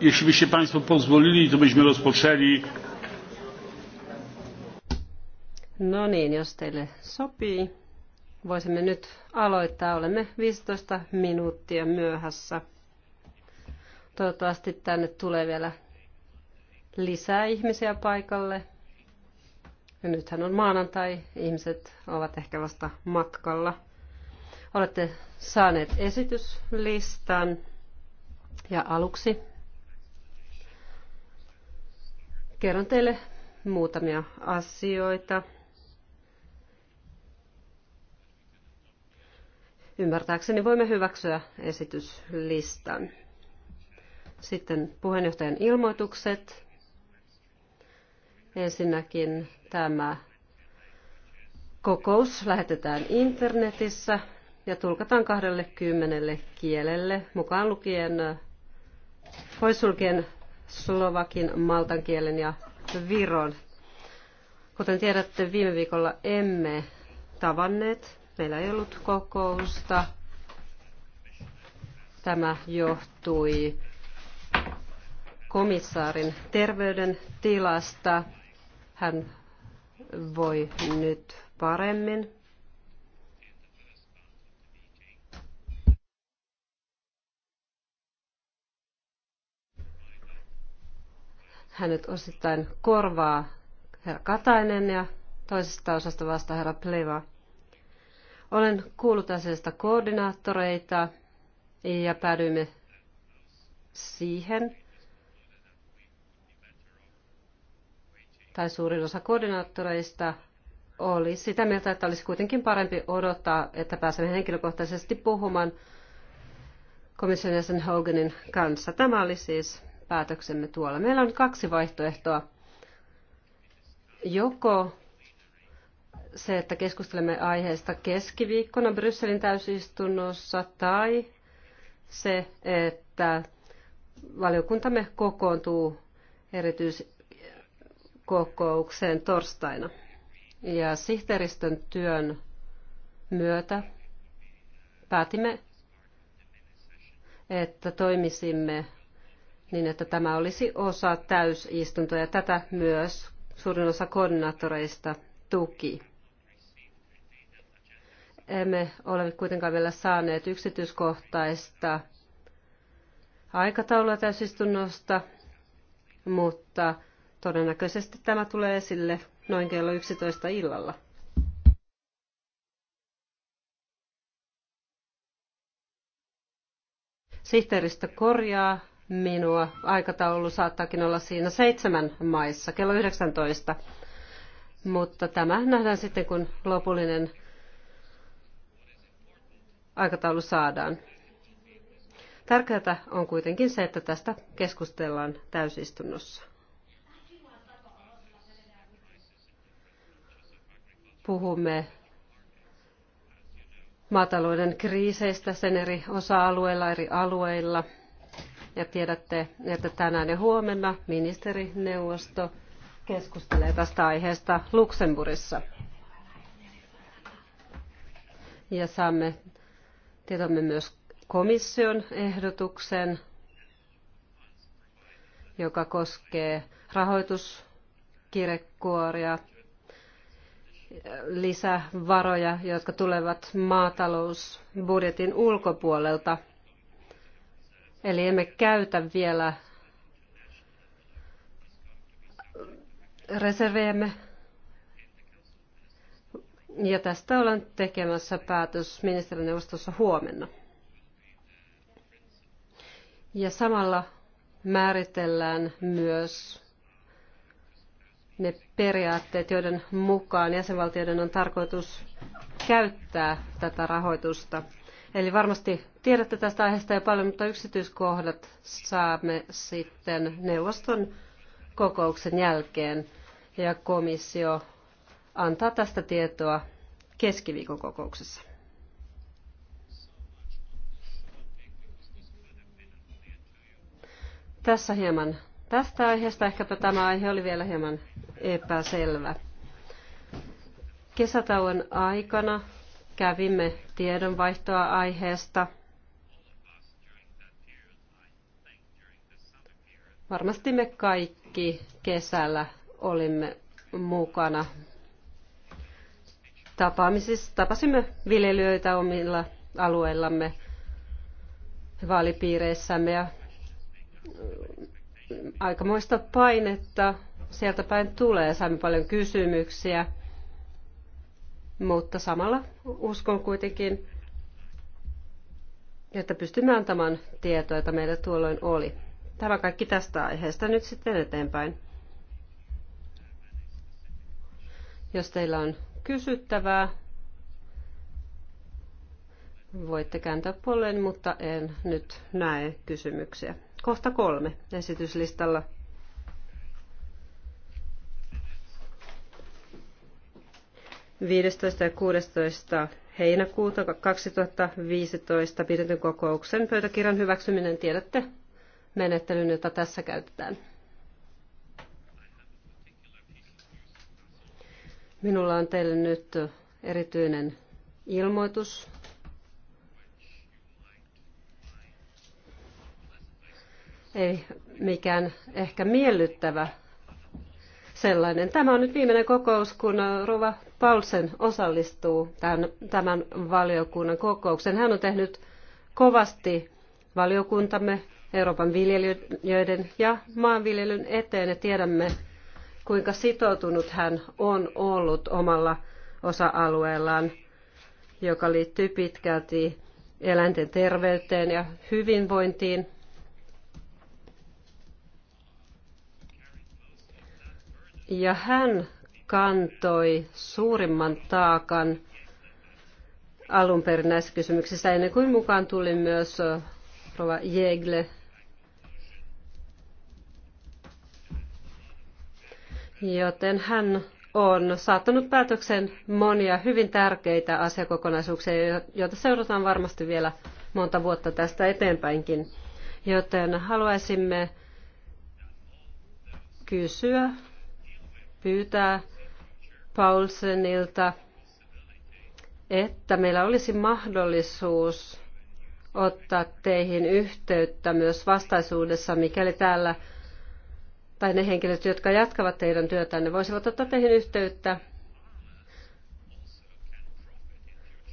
jeśli byście państwo pozwolili to byśmy rozpoczęli No niin, jos teille sopii, voisimme nyt aloittaa. Olemme 15 minuuttia myöhässä. Toivottavasti tänne tulee vielä lisää ihmisiä paikalle. Ja nythän on maanantai, ihmiset ovat ehkä vasta matkalla. Olette saaneet esityslistan ja aluksi Kerron teille muutamia asioita. Ymmärtääkseni voimme hyväksyä esityslistan. Sitten puheenjohtajan ilmoitukset. Ensinnäkin tämä kokous lähetetään internetissä ja tulkataan 20 kielelle, mukaan lukien poissulkien slovakin, maltan kielen ja viron. Kuten tiedätte, viime viikolla emme tavanneet. Meillä ei ollut kokousta. Tämä johtui komissaarin terveydentilasta. Hän voi nyt paremmin Hänet osittain korvaa herra Katainen ja toisesta osasta vasta herra Pleva. Olen kuullut asiasta koordinaattoreita ja päädyimme siihen, tai suurin osa koordinaattoreista oli sitä mieltä, että olisi kuitenkin parempi odottaa, että pääsemme henkilökohtaisesti puhumaan komission jäsen Hoganin kanssa. Tämä oli siis päätöksemme tuolla. Meillä on kaksi vaihtoehtoa. Joko se, että keskustelemme aiheesta keskiviikkona Brysselin täysistunnossa, tai se, että valiokuntamme kokoontuu erityiskokoukseen torstaina. Ja sihteeristön työn myötä päätimme, että toimisimme niin että tämä olisi osa täysistuntoa ja tätä myös suurin osa koordinaattoreista tuki. Emme ole kuitenkaan vielä saaneet yksityiskohtaista aikataulua täysistunnosta, mutta todennäköisesti tämä tulee esille noin kello 11 illalla. Sihteeristö korjaa minua. Aikataulu saattaakin olla siinä seitsemän maissa kello 19. Mutta tämä nähdään sitten, kun lopullinen aikataulu saadaan. Tärkeää on kuitenkin se, että tästä keskustellaan täysistunnossa. Puhumme maatalouden kriiseistä sen eri osa-alueilla, eri alueilla – ja tiedätte, että tänään ja huomenna ministerineuvosto keskustelee tästä aiheesta Luxemburgissa. Ja saamme tietomme myös komission ehdotuksen, joka koskee rahoituskirjekuoria, lisävaroja, jotka tulevat maatalousbudjetin ulkopuolelta Eli emme käytä vielä reserveemme. Ja tästä olen tekemässä päätös ministerineuvostossa huomenna. Ja samalla määritellään myös ne periaatteet, joiden mukaan jäsenvaltioiden on tarkoitus käyttää tätä rahoitusta. Eli varmasti Tiedätte tästä aiheesta jo paljon, mutta yksityiskohdat saamme sitten neuvoston kokouksen jälkeen. Ja komissio antaa tästä tietoa keskiviikon kokouksessa. Tässä hieman tästä aiheesta. Ehkäpä tämä aihe oli vielä hieman epäselvä. Kesätauon aikana kävimme tiedonvaihtoa aiheesta – Varmasti me kaikki kesällä olimme mukana tapaamisissa. Tapasimme viljelijöitä omilla alueillamme, vaalipiireissämme ja mm, aikamoista painetta sieltä päin tulee. Saimme paljon kysymyksiä, mutta samalla uskon kuitenkin, että pystymme antamaan tietoa, jota meillä tuolloin oli. Tämä kaikki tästä aiheesta nyt sitten eteenpäin. Jos teillä on kysyttävää, voitte kääntää puoleen, mutta en nyt näe kysymyksiä. Kohta kolme esityslistalla. Viidestoista ja 16 heinäkuuta 2015 pidetyn kokouksen pöytäkirjan hyväksyminen tiedätte menettelyn, jota tässä käytetään. Minulla on teille nyt erityinen ilmoitus. Ei mikään ehkä miellyttävä sellainen. Tämä on nyt viimeinen kokous, kun Rova Paulsen osallistuu tämän, tämän valiokunnan kokoukseen. Hän on tehnyt kovasti valiokuntamme Euroopan viljelijöiden ja maanviljelyn eteen ja tiedämme, kuinka sitoutunut hän on ollut omalla osa-alueellaan, joka liittyy pitkälti eläinten terveyteen ja hyvinvointiin. Ja hän kantoi suurimman taakan alun perin näissä kysymyksissä, ennen kuin mukaan tuli myös Rova Jegle joten hän on saattanut päätöksen monia hyvin tärkeitä asiakokonaisuuksia, joita seurataan varmasti vielä monta vuotta tästä eteenpäinkin. Joten haluaisimme kysyä, pyytää Paulsenilta, että meillä olisi mahdollisuus ottaa teihin yhteyttä myös vastaisuudessa, mikäli täällä tai ne henkilöt, jotka jatkavat teidän työtänne, voisivat ottaa teihin yhteyttä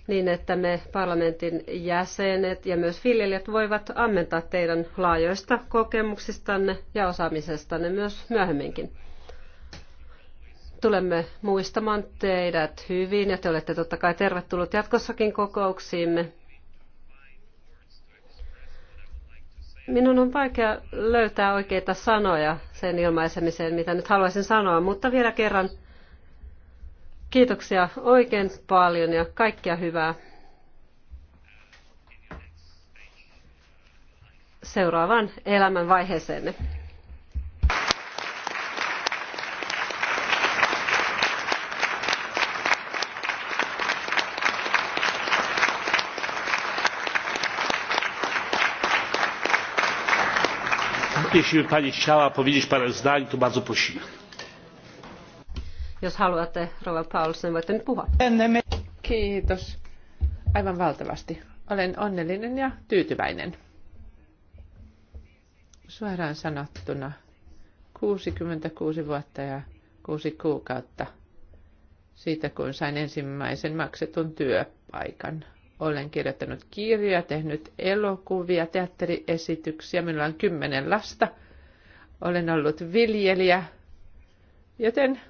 niin, että me parlamentin jäsenet ja myös viljelijät voivat ammentaa teidän laajoista kokemuksistanne ja osaamisestanne myös myöhemminkin. Tulemme muistamaan teidät hyvin ja te olette totta kai tervetullut jatkossakin kokouksiimme. Minun on vaikea löytää oikeita sanoja sen ilmaisemiseen, mitä nyt haluaisin sanoa, mutta vielä kerran kiitoksia oikein paljon ja kaikkia hyvää. seuraavaan elämän vaiheeseenne. jeśli by pani chciała powiedzieć parę zdań to bardzo prosimy. Jos haluatte, Rova Paulsen, voitte nyt puhua. Kiitos. Aivan valtavasti. Olen onnellinen ja tyytyväinen. Suoraan sanottuna 66 vuotta ja 6 kuukautta siitä, kun sain ensimmäisen maksetun työpaikan olen kirjoittanut kirjoja, tehnyt elokuvia, teatteriesityksiä. Minulla on kymmenen lasta. Olen ollut viljelijä, joten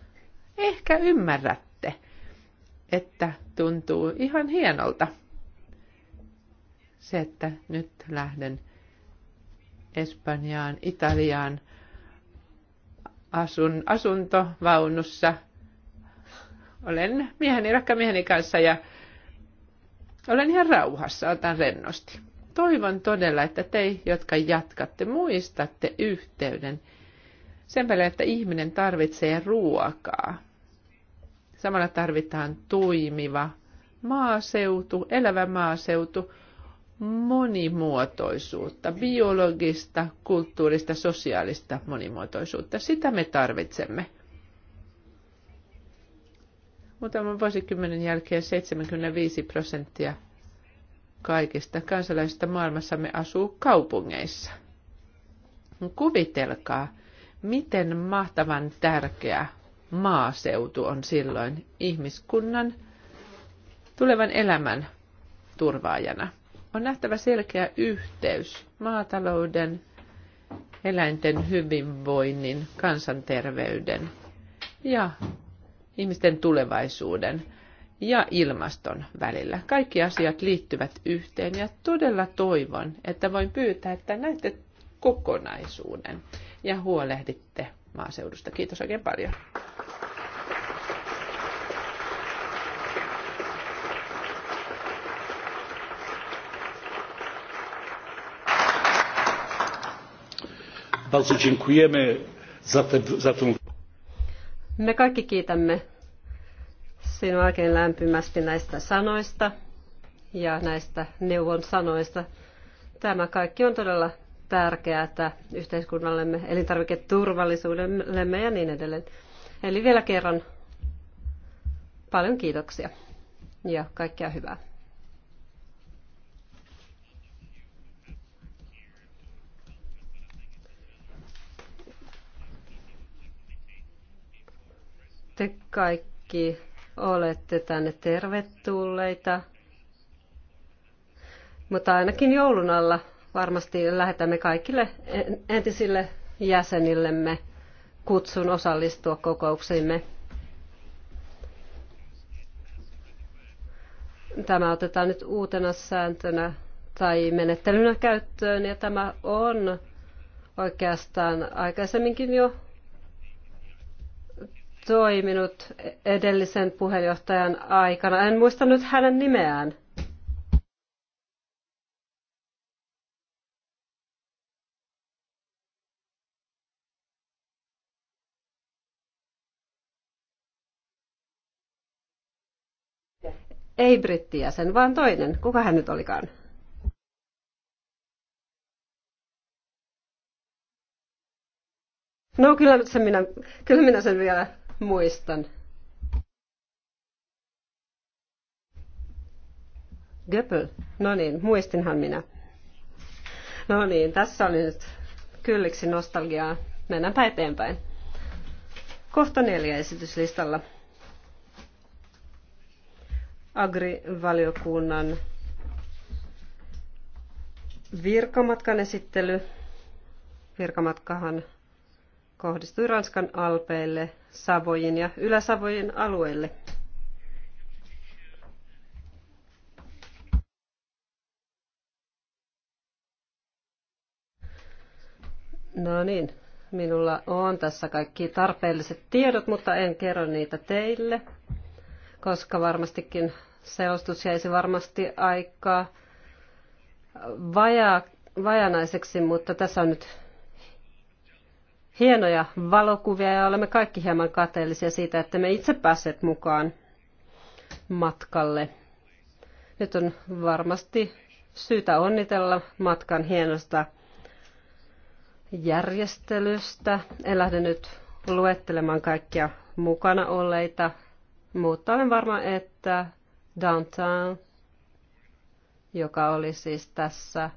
ehkä ymmärrätte, että tuntuu ihan hienolta se, että nyt lähden Espanjaan, Italiaan, asun asuntovaunussa. Olen mieheni, rakka mieheni kanssa ja olen ihan rauhassa, otan rennosti. Toivon todella, että te, jotka jatkatte, muistatte yhteyden sen välillä, että ihminen tarvitsee ruokaa. Samalla tarvitaan toimiva maaseutu, elävä maaseutu, monimuotoisuutta, biologista, kulttuurista, sosiaalista monimuotoisuutta. Sitä me tarvitsemme muutaman vuosikymmenen jälkeen 75 prosenttia kaikista kansalaisista maailmassamme asuu kaupungeissa. Kuvitelkaa, miten mahtavan tärkeä maaseutu on silloin ihmiskunnan tulevan elämän turvaajana. On nähtävä selkeä yhteys maatalouden, eläinten hyvinvoinnin, kansanterveyden ja ihmisten tulevaisuuden ja ilmaston välillä. Kaikki asiat liittyvät yhteen ja todella toivon, että voin pyytää, että näette kokonaisuuden ja huolehditte maaseudusta. Kiitos oikein paljon. Bardzo dziękujemy za, te, za tą me kaikki kiitämme sinua oikein lämpimästi näistä sanoista ja näistä neuvon sanoista. Tämä kaikki on todella tärkeää yhteiskunnallemme, elintarviketurvallisuudellemme ja niin edelleen. Eli vielä kerran paljon kiitoksia ja kaikkea hyvää. Te kaikki olette tänne tervetulleita. Mutta ainakin joulun alla varmasti lähetämme kaikille entisille jäsenillemme kutsun osallistua kokouksiimme. Tämä otetaan nyt uutena sääntönä tai menettelynä käyttöön ja tämä on oikeastaan aikaisemminkin jo toiminut edellisen puheenjohtajan aikana. En muista nyt hänen nimeään. Ei brittijäsen, vaan toinen. Kuka hän nyt olikaan? No kyllä sen minä, kyllä minä sen vielä muistan. Göppel, No niin, muistinhan minä. No niin, tässä oli nyt kylliksi nostalgiaa. Mennäänpä eteenpäin. Kohta neljä esityslistalla. Agri-valiokunnan virkamatkan esittely. Virkamatkahan kohdistui Ranskan alpeille, Savojen ja Yläsavojen alueelle. No niin, minulla on tässä kaikki tarpeelliset tiedot, mutta en kerro niitä teille, koska varmastikin selostus jäisi varmasti aikaa vajaa, vajanaiseksi, mutta tässä on nyt hienoja valokuvia ja olemme kaikki hieman kateellisia siitä, että me itse pääset mukaan matkalle. Nyt on varmasti syytä onnitella matkan hienosta järjestelystä. En lähde nyt luettelemaan kaikkia mukana olleita, mutta olen varma, että Downtown, joka oli siis tässä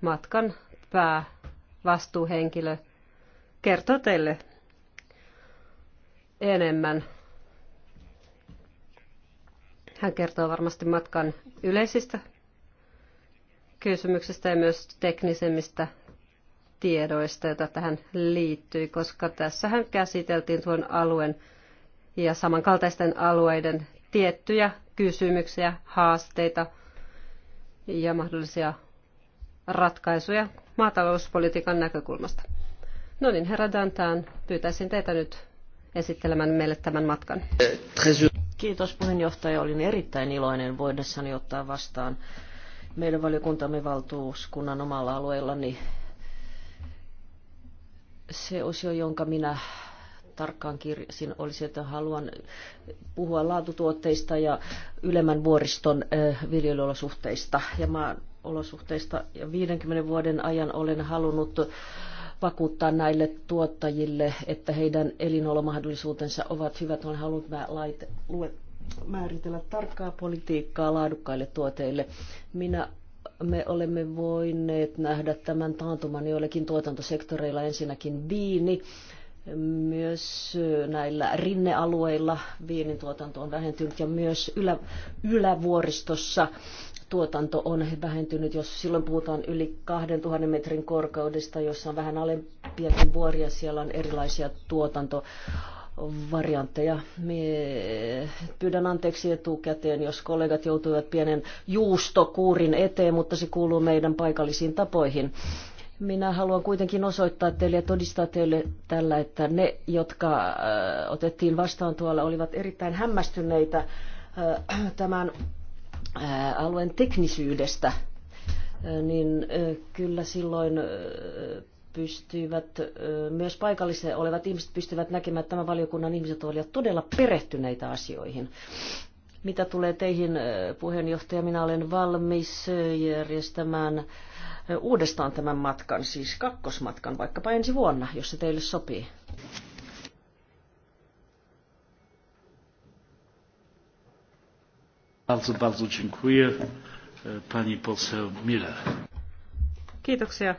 matkan päävastuuhenkilö, kertoa teille enemmän. Hän kertoo varmasti matkan yleisistä kysymyksistä ja myös teknisemmistä tiedoista, joita tähän liittyy, koska tässähän käsiteltiin tuon alueen ja samankaltaisten alueiden tiettyjä kysymyksiä, haasteita ja mahdollisia ratkaisuja maatalouspolitiikan näkökulmasta. No niin, herra Dantaan, pyytäisin teitä nyt esittelemään meille tämän matkan. Kiitos puheenjohtaja. Olin erittäin iloinen voidessani ottaa vastaan meidän valiokuntamme valtuuskunnan omalla alueellani se osio, jonka minä tarkkaan kirjasin, olisi, että haluan puhua laatutuotteista ja ylemmän vuoriston viljelyolosuhteista ja olosuhteista. Ja 50 vuoden ajan olen halunnut vakuuttaa näille tuottajille, että heidän elinolomahdollisuutensa ovat hyvät. Olen halunnut mä laite, lue, määritellä tarkkaa politiikkaa laadukkaille tuoteille. Minä me olemme voineet nähdä tämän taantuman joillekin tuotantosektoreilla ensinnäkin viini, myös näillä rinnealueilla viinin tuotanto on vähentynyt ja myös ylä, ylävuoristossa tuotanto on vähentynyt, jos silloin puhutaan yli 2000 metrin korkeudesta, jossa on vähän alempiakin vuoria, siellä on erilaisia tuotanto variantteja. Mie pyydän anteeksi etukäteen, jos kollegat joutuivat pienen juustokuurin eteen, mutta se kuuluu meidän paikallisiin tapoihin. Minä haluan kuitenkin osoittaa teille ja todistaa teille tällä, että ne, jotka äh, otettiin vastaan tuolla, olivat erittäin hämmästyneitä äh, tämän alueen teknisyydestä, niin kyllä silloin pystyivät, myös paikalliset olevat ihmiset pystyvät näkemään, että tämä valiokunnan ihmiset olivat todella perehtyneitä asioihin. Mitä tulee teihin, puheenjohtaja, minä olen valmis järjestämään uudestaan tämän matkan, siis kakkosmatkan, vaikkapa ensi vuonna, jos se teille sopii. Bardzo, bardzo dziękuję. E, pani poseł Miller. Kiitoksia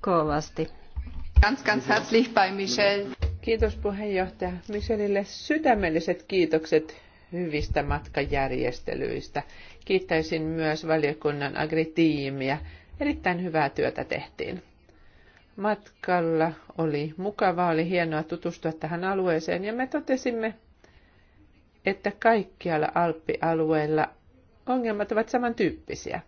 kovasti. Ganz, ganz herzlich bei Michel. Kiitos puheenjohtaja. Michelille sydämelliset kiitokset hyvistä matkajärjestelyistä. Kiittäisin myös valiokunnan agritiimiä. Erittäin hyvää työtä tehtiin. Matkalla oli mukavaa, oli hienoa tutustua tähän alueeseen ja me totesimme että kaikkialla Alppialueella ongelmat ovat samantyyppisiä.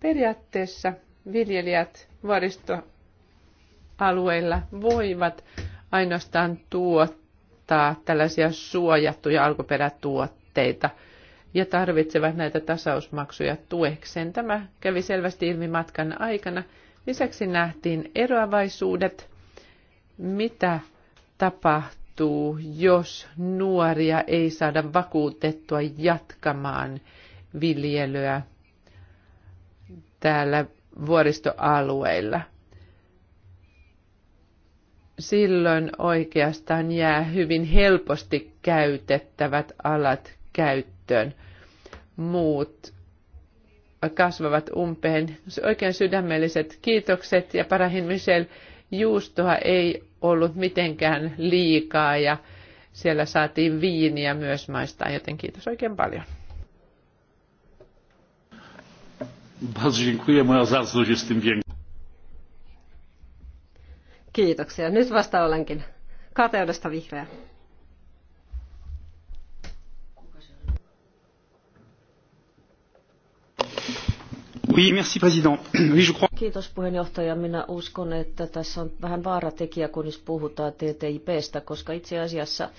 Periaatteessa viljelijät vuoristoalueilla voivat ainoastaan tuottaa tällaisia suojattuja alkuperätuotteita ja tarvitsevat näitä tasausmaksuja tuekseen. Tämä kävi selvästi ilmi matkan aikana. Lisäksi nähtiin eroavaisuudet, mitä tapahtuu tapahtuu, jos nuoria ei saada vakuutettua jatkamaan viljelyä täällä vuoristoalueilla. Silloin oikeastaan jää hyvin helposti käytettävät alat käyttöön. Muut kasvavat umpeen. Oikein sydämelliset kiitokset ja parahin Michel, juustoa ei ollut mitenkään liikaa ja siellä saatiin viiniä myös maistaa, joten kiitos oikein paljon. Kiitoksia. Nyt vasta olenkin kateudesta vihreä. Oui, merci, président. Oui, je crois... Kiitos puheenjohtaja. Minä uskon, että tässä on vähän vaaratekijä, kun puhutaan TTIPstä, koska itse asiassa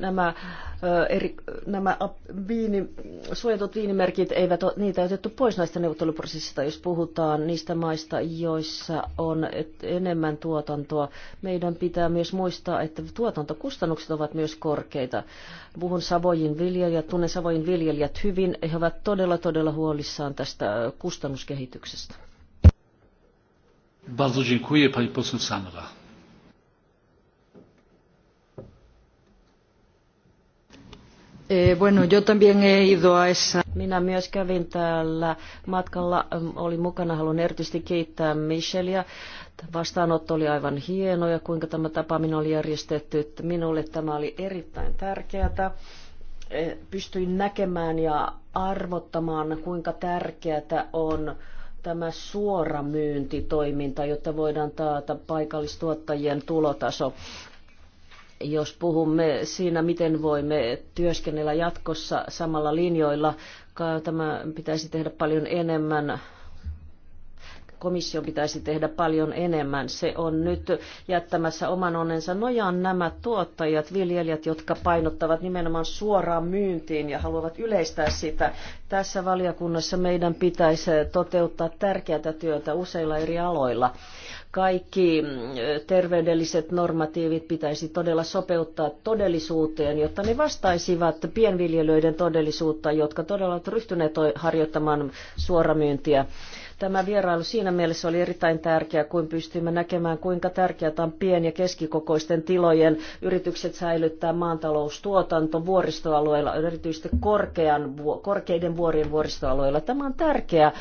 nämä, eri, nämä viini, suojatut viinimerkit, eivät, niitä otettu pois näistä neuvotteluprosessista, jos puhutaan niistä maista, joissa on enemmän tuotantoa. Meidän pitää myös muistaa, että tuotantokustannukset ovat myös korkeita. Puhun savojin viljelijät, tunnen savojin viljelijät hyvin. He ovat todella, todella huolissaan tästä kustannuskehityksestä. Bardzo dziękuję pani poseł Sanowa. Eh, bueno, yo también he ido a esa... Minä myös kävin täällä matkalla, olin mukana, haluan erityisesti kiittää Michelia. Vastaanotto oli aivan hieno ja kuinka tämä tapaaminen oli järjestetty. Minulle tämä oli erittäin tärkeää. Eh, pystyin näkemään ja arvottamaan, kuinka tärkeää on tämä suora myyntitoiminta, jotta voidaan taata paikallistuottajien tulotaso jos puhumme siinä, miten voimme työskennellä jatkossa samalla linjoilla. Tämä pitäisi tehdä paljon enemmän komissio pitäisi tehdä paljon enemmän. Se on nyt jättämässä oman onnensa nojaan nämä tuottajat, viljelijät, jotka painottavat nimenomaan suoraan myyntiin ja haluavat yleistää sitä. Tässä valiokunnassa meidän pitäisi toteuttaa tärkeää työtä useilla eri aloilla kaikki mm, terveydelliset normatiivit pitäisi todella sopeuttaa todellisuuteen, jotta ne vastaisivat pienviljelijöiden todellisuutta, jotka todella ovat ryhtyneet harjoittamaan suoramyyntiä. Tämä vierailu siinä mielessä oli erittäin tärkeä, kun pystyimme näkemään, kuinka tärkeää on pien- ja keskikokoisten tilojen yritykset säilyttää maantaloustuotanto vuoristoalueilla, erityisesti korkean, korkeiden vuorien vuoristoalueilla. Tämä on tärkeää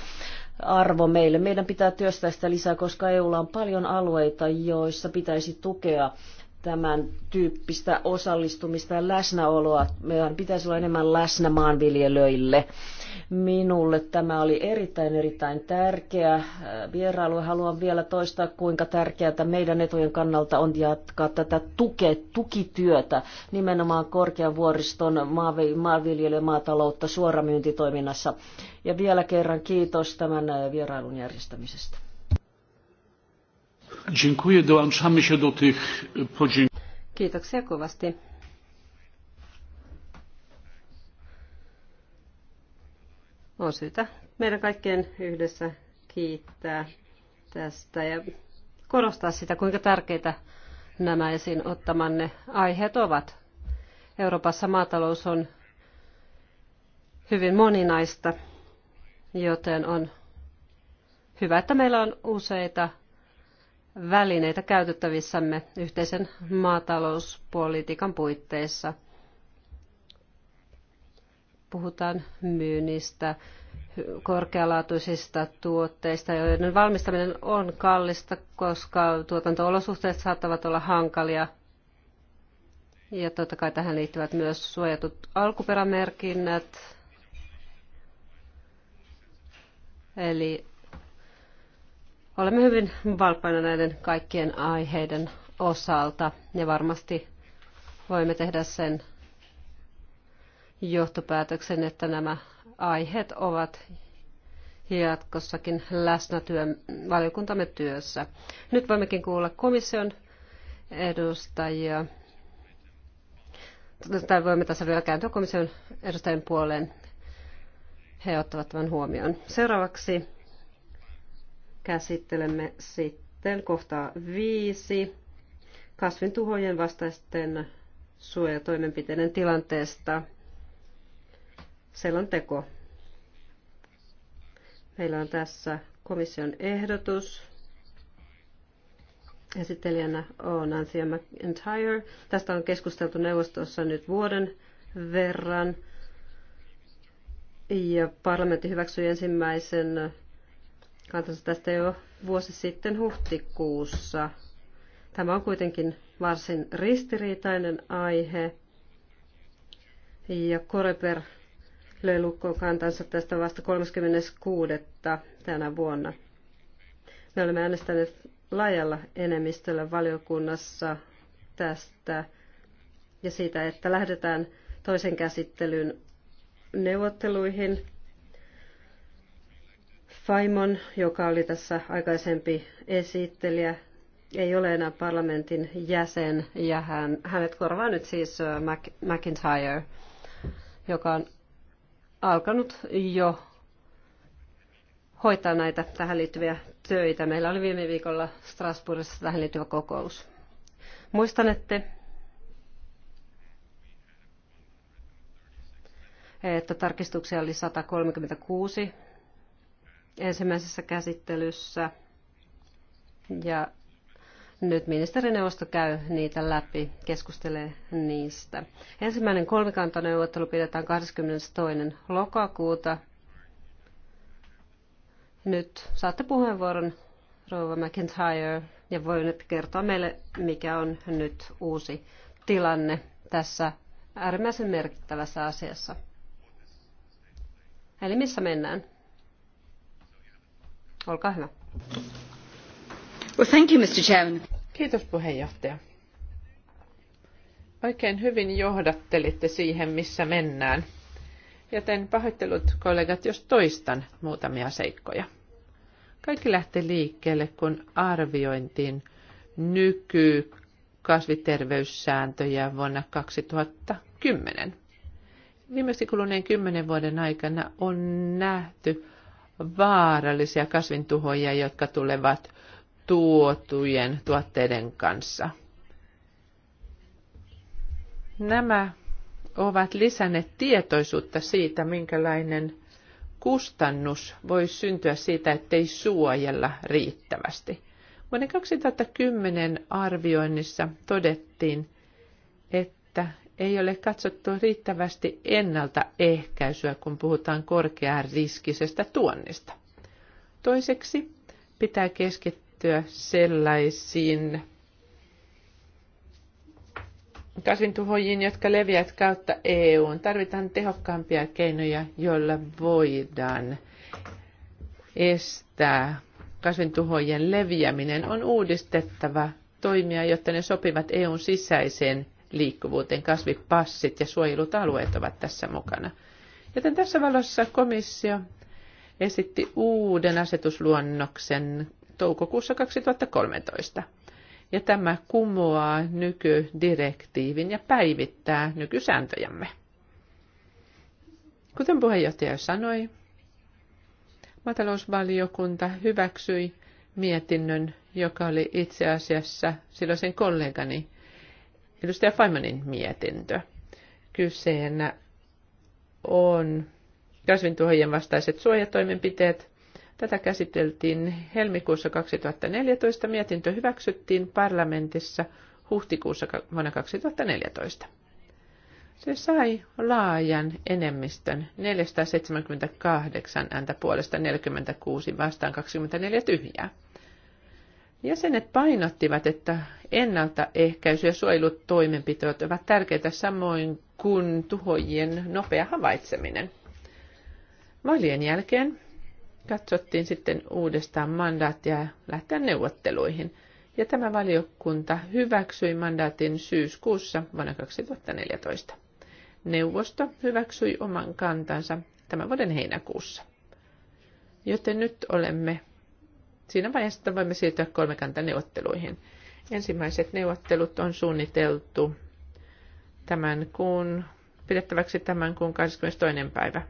arvo meille. Meidän pitää työstää sitä lisää, koska EUlla on paljon alueita, joissa pitäisi tukea tämän tyyppistä osallistumista ja läsnäoloa. Meidän pitäisi olla enemmän läsnä maanviljelöille. Minulle tämä oli erittäin, erittäin tärkeä äh, vierailu. Haluan vielä toistaa, kuinka tärkeää meidän etujen kannalta on jatkaa tätä tuke, tukityötä nimenomaan korkean vuoriston maanviljely- ja maataloutta suoramyyntitoiminnassa. Ja vielä kerran kiitos tämän äh, vierailun järjestämisestä. Dziękuję, dołączamy się do tych podziękowań. Kiitoksia kovasti. On syytä meidän kaikkien yhdessä kiittää tästä ja korostaa sitä, kuinka tärkeitä nämä esiin ottamanne aiheet ovat. Euroopassa maatalous on hyvin moninaista, joten on hyvä, että meillä on useita välineitä käytettävissämme yhteisen maatalouspolitiikan puitteissa. Puhutaan myynnistä, korkealaatuisista tuotteista, joiden valmistaminen on kallista, koska tuotantoolosuhteet saattavat olla hankalia. Ja totta kai tähän liittyvät myös suojatut alkuperämerkinnät. Eli olemme hyvin valppaina näiden kaikkien aiheiden osalta ja varmasti voimme tehdä sen johtopäätöksen, että nämä aiheet ovat jatkossakin läsnä työ, valiokuntamme työssä. Nyt voimmekin kuulla komission edustajia. Tai voimme tässä vielä kääntyä komission edustajien puoleen. He ottavat tämän huomioon. Seuraavaksi Käsittelemme sitten kohtaa viisi kasvintuhojen vastaisten suojatoimenpiteiden tilanteesta. Selonteko. Meillä on tässä komission ehdotus. Esittelijänä on Nancy McIntyre. Tästä on keskusteltu neuvostossa nyt vuoden verran. Ja parlamentti hyväksyi ensimmäisen kantansa tästä jo vuosi sitten huhtikuussa. Tämä on kuitenkin varsin ristiriitainen aihe. Ja Koreper löi lukkoon kantansa tästä vasta 36. tänä vuonna. Me olemme äänestäneet laajalla enemmistöllä valiokunnassa tästä ja siitä, että lähdetään toisen käsittelyn neuvotteluihin – Faimon, joka oli tässä aikaisempi esittelijä, ei ole enää parlamentin jäsen ja hän, hänet korvaa nyt siis Mac, McIntyre, joka on alkanut jo hoitaa näitä tähän liittyviä töitä. Meillä oli viime viikolla Strasbourgissa tähän liittyvä kokous. Muistan, että, että tarkistuksia oli 136 ensimmäisessä käsittelyssä. Ja nyt ministerineuvosto käy niitä läpi, keskustelee niistä. Ensimmäinen kolmikantaneuvottelu pidetään 22. lokakuuta. Nyt saatte puheenvuoron Rova McIntyre ja voi kertoa meille, mikä on nyt uusi tilanne tässä äärimmäisen merkittävässä asiassa. Eli missä mennään? Olkaa hyvä. Well, thank you, Mr. Chairman. Kiitos puheenjohtaja. Oikein hyvin johdattelitte siihen, missä mennään. Joten pahoittelut kollegat, jos toistan muutamia seikkoja. Kaikki lähti liikkeelle, kun arviointiin nyky kasviterveyssääntöjä vuonna 2010. Viimeksi kuluneen kymmenen vuoden aikana on nähty vaarallisia kasvintuhoja, jotka tulevat tuotujen tuotteiden kanssa. Nämä ovat lisänneet tietoisuutta siitä, minkälainen kustannus voi syntyä siitä, ettei suojella riittävästi. Vuoden 2010 arvioinnissa todettiin, että ei ole katsottu riittävästi ennaltaehkäisyä, kun puhutaan korkeariskisestä tuonnista. Toiseksi pitää keskittyä sellaisiin kasvintuhojiin, jotka leviävät kautta EUn. Tarvitaan tehokkaampia keinoja, joilla voidaan estää kasvintuhojen leviäminen. On uudistettava toimia, jotta ne sopivat EUn sisäiseen liikkuvuuteen. Kasvipassit ja suojelut alueet ovat tässä mukana. Joten tässä valossa komissio esitti uuden asetusluonnoksen toukokuussa 2013. Ja tämä kumoaa nykydirektiivin ja päivittää nykysääntöjämme. Kuten puheenjohtaja sanoi, maatalousvaliokunta hyväksyi mietinnön, joka oli itse asiassa silloisen kollegani edustaja Feynmanin mietintö. Kyseenä on kasvintuhojen vastaiset suojatoimenpiteet. Tätä käsiteltiin helmikuussa 2014. Mietintö hyväksyttiin parlamentissa huhtikuussa vuonna 2014. Se sai laajan enemmistön 478 ääntä puolesta 46 vastaan 24 tyhjää. Jäsenet painottivat, että ennaltaehkäisy- ja suojelutoimenpiteet ovat tärkeitä samoin kuin tuhojien nopea havaitseminen. Valien jälkeen katsottiin sitten uudestaan mandaattia lähteä neuvotteluihin, ja tämä valiokunta hyväksyi mandaatin syyskuussa vuonna 2014. Neuvosto hyväksyi oman kantansa tämän vuoden heinäkuussa. Joten nyt olemme siinä vaiheessa voimme siirtyä kolmikantaneuvotteluihin. Ensimmäiset neuvottelut on suunniteltu tämän kuun, pidettäväksi tämän kuun 22. päivä.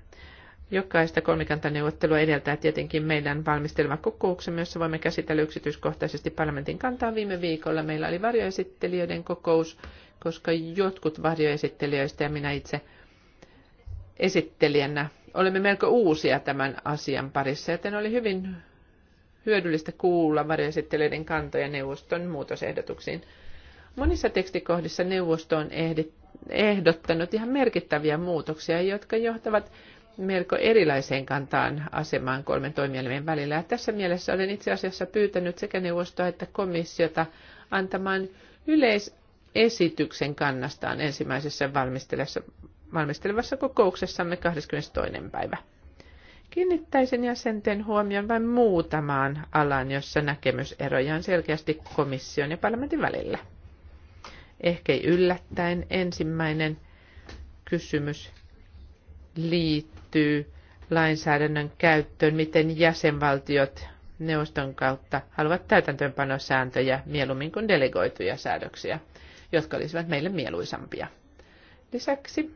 Jokaista kolmikantaneuvottelua edeltää tietenkin meidän valmistelma kokouksemme, jossa voimme käsitellä yksityiskohtaisesti parlamentin kantaa. Viime viikolla meillä oli varjoesittelijöiden kokous, koska jotkut varjoesittelijöistä ja minä itse esittelijänä olemme melko uusia tämän asian parissa, joten oli hyvin hyödyllistä kuulla varjoesittelijöiden kantoja neuvoston muutosehdotuksiin. Monissa tekstikohdissa neuvosto on ehdottanut ihan merkittäviä muutoksia, jotka johtavat melko erilaiseen kantaan asemaan kolmen toimielimen välillä. Ja tässä mielessä olen itse asiassa pyytänyt sekä neuvostoa että komissiota antamaan yleisesityksen kannastaan ensimmäisessä valmistelevassa kokouksessamme 22. päivä. Kiinnittäisin jäsenten huomion vain muutamaan alaan, jossa näkemyseroja on selkeästi komission ja parlamentin välillä. Ehkä yllättäen ensimmäinen kysymys liittyy lainsäädännön käyttöön, miten jäsenvaltiot neuvoston kautta haluavat täytäntöönpanosääntöjä mieluummin kuin delegoituja säädöksiä, jotka olisivat meille mieluisampia. Lisäksi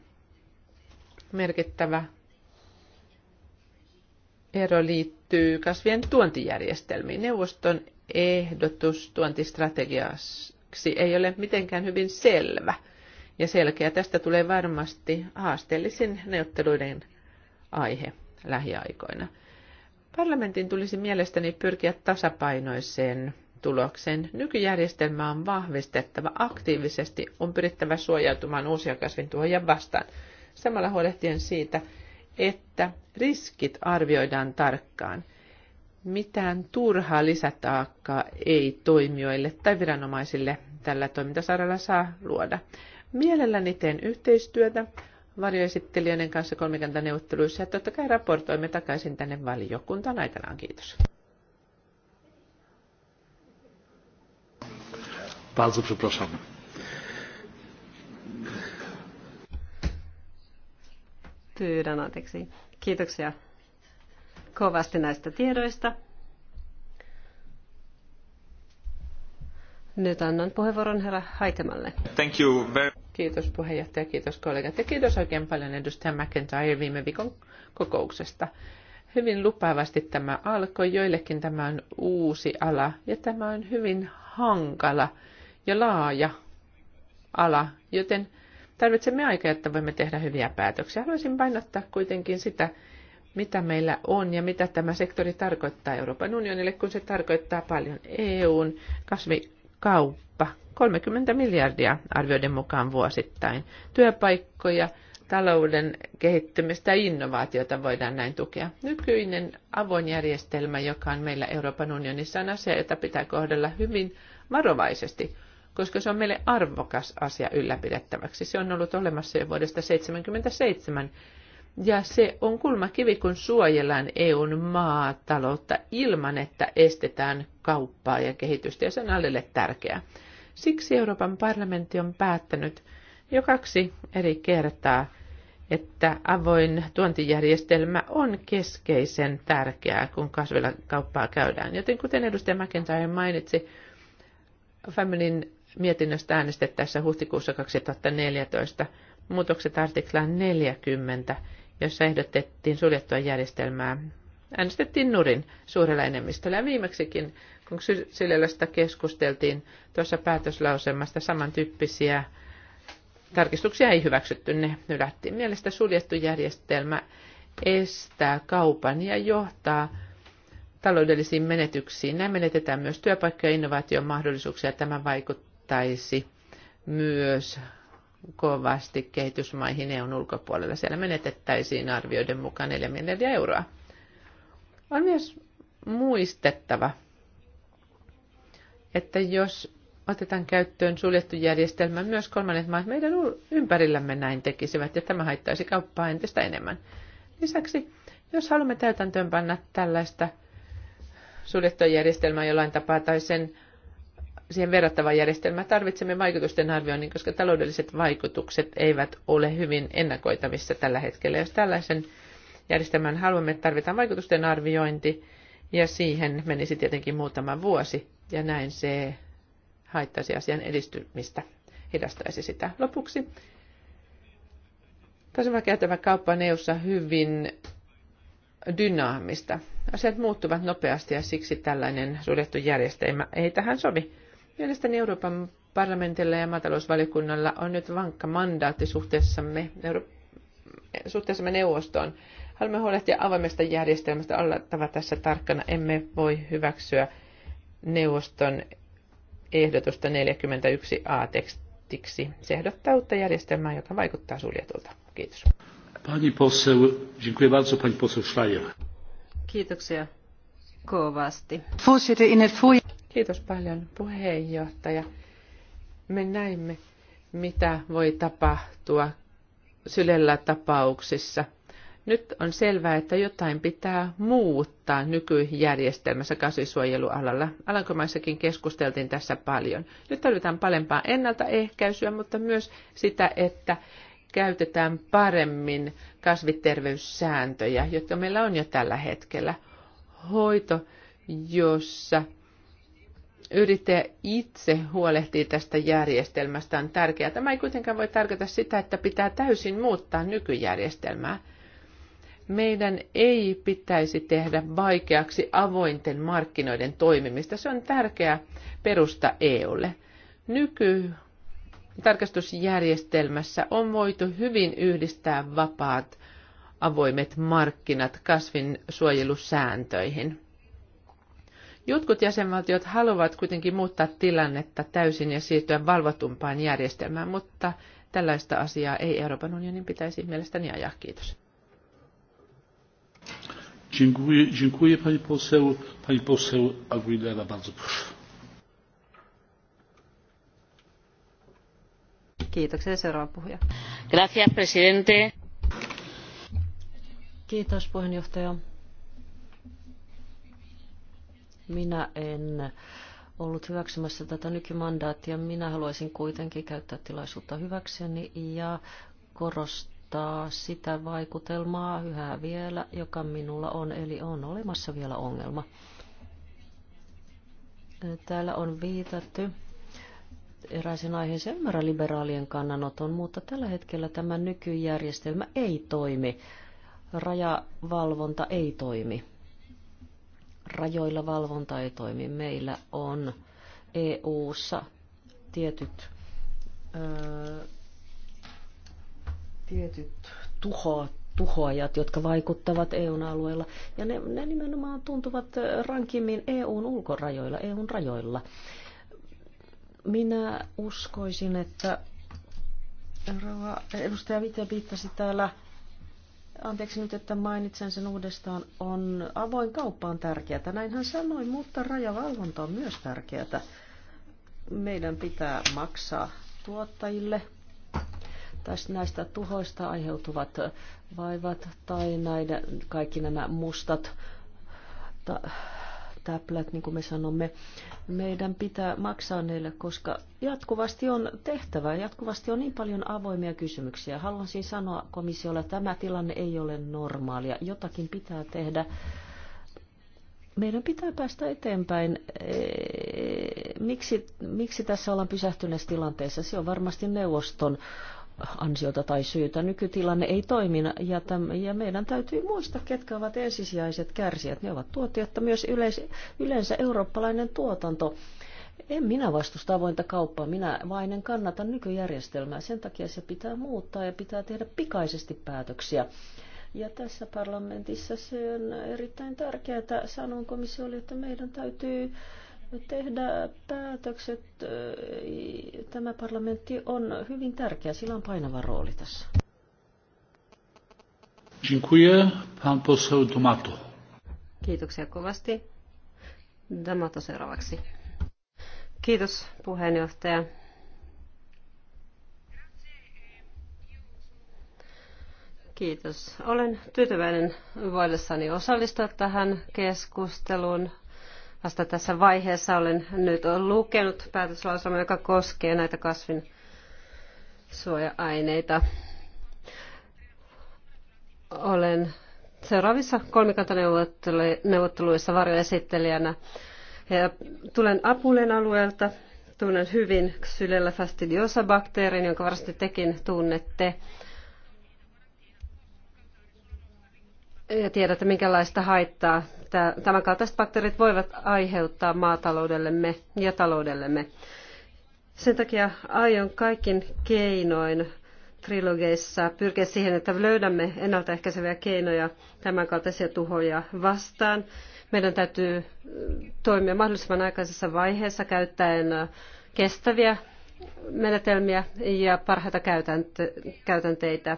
merkittävä ero liittyy kasvien tuontijärjestelmiin. Neuvoston ehdotus tuontistrategiaksi ei ole mitenkään hyvin selvä ja selkeä. Tästä tulee varmasti haasteellisin neuvotteluiden aihe lähiaikoina. Parlamentin tulisi mielestäni pyrkiä tasapainoiseen tulokseen. Nykyjärjestelmä on vahvistettava aktiivisesti, on pyrittävä suojautumaan uusia kasvintuhoja vastaan, samalla huolehtien siitä, että riskit arvioidaan tarkkaan. Mitään turhaa lisätaakkaa ei toimijoille tai viranomaisille tällä toimintasaralla saa luoda. Mielelläni teen yhteistyötä varjoesittelijöiden kanssa kolmikantaneuvotteluissa ja totta kai raportoimme takaisin tänne valiokuntaan aikanaan. Kiitos. Bardzo przepraszam. Pyydän anteeksi. Kiitoksia kovasti näistä tiedoista. Nyt annan puheenvuoron herra Haitemalle. Thank you very... Kiitos puheenjohtaja, kiitos kollegat ja kiitos oikein paljon edustaja McIntyre viime viikon kokouksesta. Hyvin lupaavasti tämä alkoi, joillekin tämä on uusi ala ja tämä on hyvin hankala ja laaja ala, joten Tarvitsemme aikaa, että voimme tehdä hyviä päätöksiä. Haluaisin painottaa kuitenkin sitä, mitä meillä on ja mitä tämä sektori tarkoittaa Euroopan unionille, kun se tarkoittaa paljon EUn kasvikauppa. 30 miljardia arvioiden mukaan vuosittain. Työpaikkoja, talouden kehittymistä ja innovaatiota voidaan näin tukea. Nykyinen avoin järjestelmä, joka on meillä Euroopan unionissa, on asia, jota pitää kohdella hyvin varovaisesti koska se on meille arvokas asia ylläpidettäväksi. Se on ollut olemassa jo vuodesta 1977 ja se on kulmakivi, kun suojellaan EUn maataloutta ilman, että estetään kauppaa ja kehitystä, ja se on alle tärkeää. Siksi Euroopan parlamentti on päättänyt jo kaksi eri kertaa, että avoin tuontijärjestelmä on keskeisen tärkeää, kun kauppaa käydään. Joten kuten edustaja McIntyre mainitsi, Familyn mietinnöstä äänestettäessä huhtikuussa 2014 muutokset artiklaan 40, jossa ehdotettiin suljettua järjestelmää, äänestettiin nurin suurella enemmistöllä. Ja viimeksikin, kun Sylelästä keskusteltiin tuossa päätöslauselmasta samantyyppisiä tarkistuksia ei hyväksytty, ne hylättiin. Mielestä suljettu järjestelmä estää kaupan ja johtaa taloudellisiin menetyksiin. Nämä menetetään myös työpaikkoja ja innovaatiomahdollisuuksia. Tämä vaikuttaa vaikuttaisi myös kovasti kehitysmaihin EUn ulkopuolella. Siellä menetettäisiin arvioiden mukaan 4 miljardia euroa. On myös muistettava, että jos otetaan käyttöön suljettu järjestelmä, myös kolmannet maat meidän ympärillämme näin tekisivät, ja tämä haittaisi kauppaa entistä enemmän. Lisäksi, jos haluamme täytäntöönpanna tällaista suljettua järjestelmää jollain tapaa tai sen siihen verrattava järjestelmä. Tarvitsemme vaikutusten arvioinnin, koska taloudelliset vaikutukset eivät ole hyvin ennakoitavissa tällä hetkellä. Jos tällaisen järjestelmän haluamme, tarvitaan vaikutusten arviointi ja siihen menisi tietenkin muutama vuosi ja näin se haittaisi asian edistymistä, hidastaisi sitä. Lopuksi tasolla käytävä kauppa on eu hyvin dynaamista. Asiat muuttuvat nopeasti ja siksi tällainen suljettu järjestelmä ei tähän sovi. Mielestäni Euroopan parlamentilla ja maatalousvaliokunnalla on nyt vankka mandaatti suhteessamme, Euro- suhteessamme neuvostoon. Haluamme huolehtia avoimesta järjestelmästä, olla tässä tarkkana. Emme voi hyväksyä neuvoston ehdotusta 41a-tekstiksi. Se ehdottaa uutta järjestelmää, joka vaikuttaa suljetulta. Kiitos. Pani poseł, dziękuję bardzo, pani poseł Schreier. Kiitoksia kovasti. Kiitos paljon puheenjohtaja. Me näimme, mitä voi tapahtua sylellä tapauksissa. Nyt on selvää, että jotain pitää muuttaa nykyjärjestelmässä kasvisuojelualalla. Alankomaissakin keskusteltiin tässä paljon. Nyt tarvitaan parempaa ennaltaehkäisyä, mutta myös sitä, että käytetään paremmin kasviterveyssääntöjä, jotka meillä on jo tällä hetkellä. Hoito, jossa yrittäjä itse huolehtii tästä järjestelmästä on tärkeää. Tämä ei kuitenkaan voi tarkoita sitä, että pitää täysin muuttaa nykyjärjestelmää. Meidän ei pitäisi tehdä vaikeaksi avointen markkinoiden toimimista. Se on tärkeä perusta EUlle. Nyky tarkastusjärjestelmässä on voitu hyvin yhdistää vapaat avoimet markkinat kasvinsuojelusääntöihin. Jotkut jäsenvaltiot haluavat kuitenkin muuttaa tilannetta täysin ja siirtyä valvotumpaan järjestelmään, mutta tällaista asiaa ei Euroopan unionin pitäisi mielestäni ajaa. Kiitos. Dziękuję, pani poseł. Pani poseł Aguilera, bardzo proszę. Kiitoksia. Seuraava puhuja. Gracias, presidente. Kiitos puheenjohtaja. Minä en ollut hyväksymässä tätä nykymandaattia. Minä haluaisin kuitenkin käyttää tilaisuutta hyväkseni ja korostaa sitä vaikutelmaa yhä vielä, joka minulla on. Eli on olemassa vielä ongelma. Täällä on viitattu eräisen aiheeseen ymmärrä liberaalien kannanoton, mutta tällä hetkellä tämä nykyjärjestelmä ei toimi. Rajavalvonta ei toimi rajoilla valvonta ei toimi. Meillä on EU-ssa tietyt, tietyt tuhoa, tuhoajat, jotka vaikuttavat EUn alueella. Ja ne, ne nimenomaan tuntuvat rankimmin EUn ulkorajoilla, EUn rajoilla. Minä uskoisin, että edustaja Vite viittasi täällä anteeksi nyt, että mainitsen sen uudestaan, on avoin kauppa on tärkeää. Näin hän sanoi, mutta rajavalvonta on myös tärkeää. Meidän pitää maksaa tuottajille tästä näistä tuhoista aiheutuvat vaivat tai näiden, kaikki nämä mustat ta, täplät, niin kuin me sanomme. Meidän pitää maksaa neille, koska jatkuvasti on tehtävää, jatkuvasti on niin paljon avoimia kysymyksiä. Haluan siis sanoa komissiolle, että tämä tilanne ei ole normaalia. Jotakin pitää tehdä meidän pitää päästä eteenpäin. Miksi, miksi tässä ollaan pysähtyneessä tilanteessa? Se on varmasti neuvoston ansiota tai syytä. Nykytilanne ei toimi ja, tämän, ja meidän täytyy muistaa, ketkä ovat ensisijaiset kärsijät. Ne ovat tuottajat, myös yleis, yleensä eurooppalainen tuotanto. En minä vastusta avointa kauppaa, minä vain en kannata nykyjärjestelmää. Sen takia se pitää muuttaa ja pitää tehdä pikaisesti päätöksiä. Ja tässä parlamentissa se on erittäin tärkeää. Sanon komissiolle, että meidän täytyy tehdä päätökset. Tämä parlamentti on hyvin tärkeä, sillä on painava rooli tässä. Dziękuję. Pan poseł Domato. Kiitoksia kovasti. Domato seuraavaksi. Kiitos puheenjohtaja. Kiitos. Olen tyytyväinen voidessani osallistua tähän keskusteluun. Vasta tässä vaiheessa olen nyt lukenut päätöslauselman, joka koskee näitä kasvin suoja-aineita. Olen seuraavissa kolmikantaneuvotteluissa varjoesittelijänä. Ja tulen Apulen alueelta. Tunnen hyvin Xylella fastidiosa bakteerin, jonka varmasti tekin tunnette. ja tiedätte, minkälaista haittaa tämän kaltaiset bakteerit voivat aiheuttaa maataloudellemme ja taloudellemme. Sen takia aion kaikin keinoin trilogeissa pyrkiä siihen, että löydämme ennaltaehkäiseviä keinoja tämän kaltaisia tuhoja vastaan. Meidän täytyy toimia mahdollisimman aikaisessa vaiheessa käyttäen kestäviä menetelmiä ja parhaita käytänteitä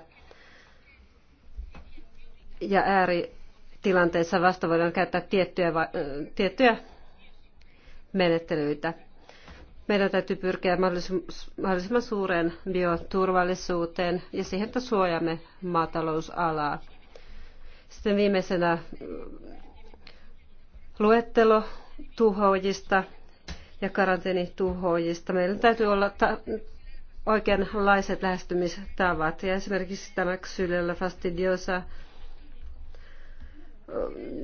ja ääritilanteissa vasta voidaan käyttää tiettyjä, tiettyjä menettelyitä. Meidän täytyy pyrkiä mahdollisimman suureen bioturvallisuuteen ja siihen, että suojamme maatalousalaa. Sitten viimeisenä mm, luettelo tuhoajista ja karanteenituhoajista. Meillä täytyy olla ta- oikeanlaiset lähestymistavat ja esimerkiksi tämä Xylella fastidiosa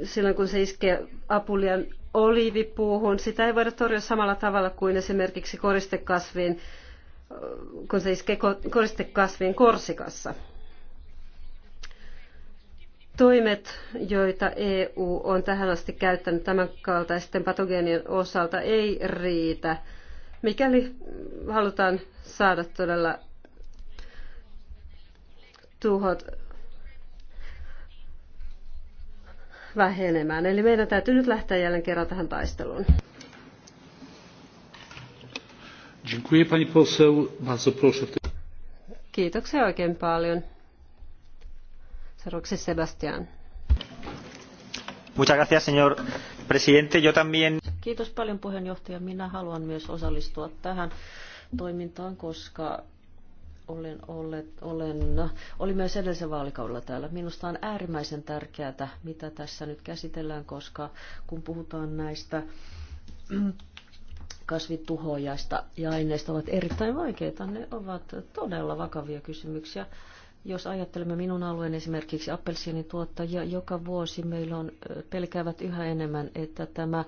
silloin kun se iskee apulian oliivipuuhun, sitä ei voida torjua samalla tavalla kuin esimerkiksi koristekasviin, kun se iskee koristekasviin korsikassa. Toimet, joita EU on tähän asti käyttänyt tämän kaltaisten patogeenien osalta, ei riitä, mikäli halutaan saada todella tuhot vähenemään. Eli meidän täytyy nyt lähteä jälleen kerran tähän taisteluun. Kiitoksia oikein paljon. Seuraavaksi Sebastian. Muchas gracias, señor presidente. Yo también... Kiitos paljon puheenjohtaja. Minä haluan myös osallistua tähän toimintaan, koska olen, olen, olen, no, oli myös edellisen vaalikaudella täällä. Minusta on äärimmäisen tärkeää, mitä tässä nyt käsitellään, koska kun puhutaan näistä kasvituhojaista ja aineista ovat erittäin vaikeita. Ne ovat todella vakavia kysymyksiä. Jos ajattelemme minun alueen esimerkiksi appelsiinin tuottajia, joka vuosi meillä on pelkäävät yhä enemmän, että tämä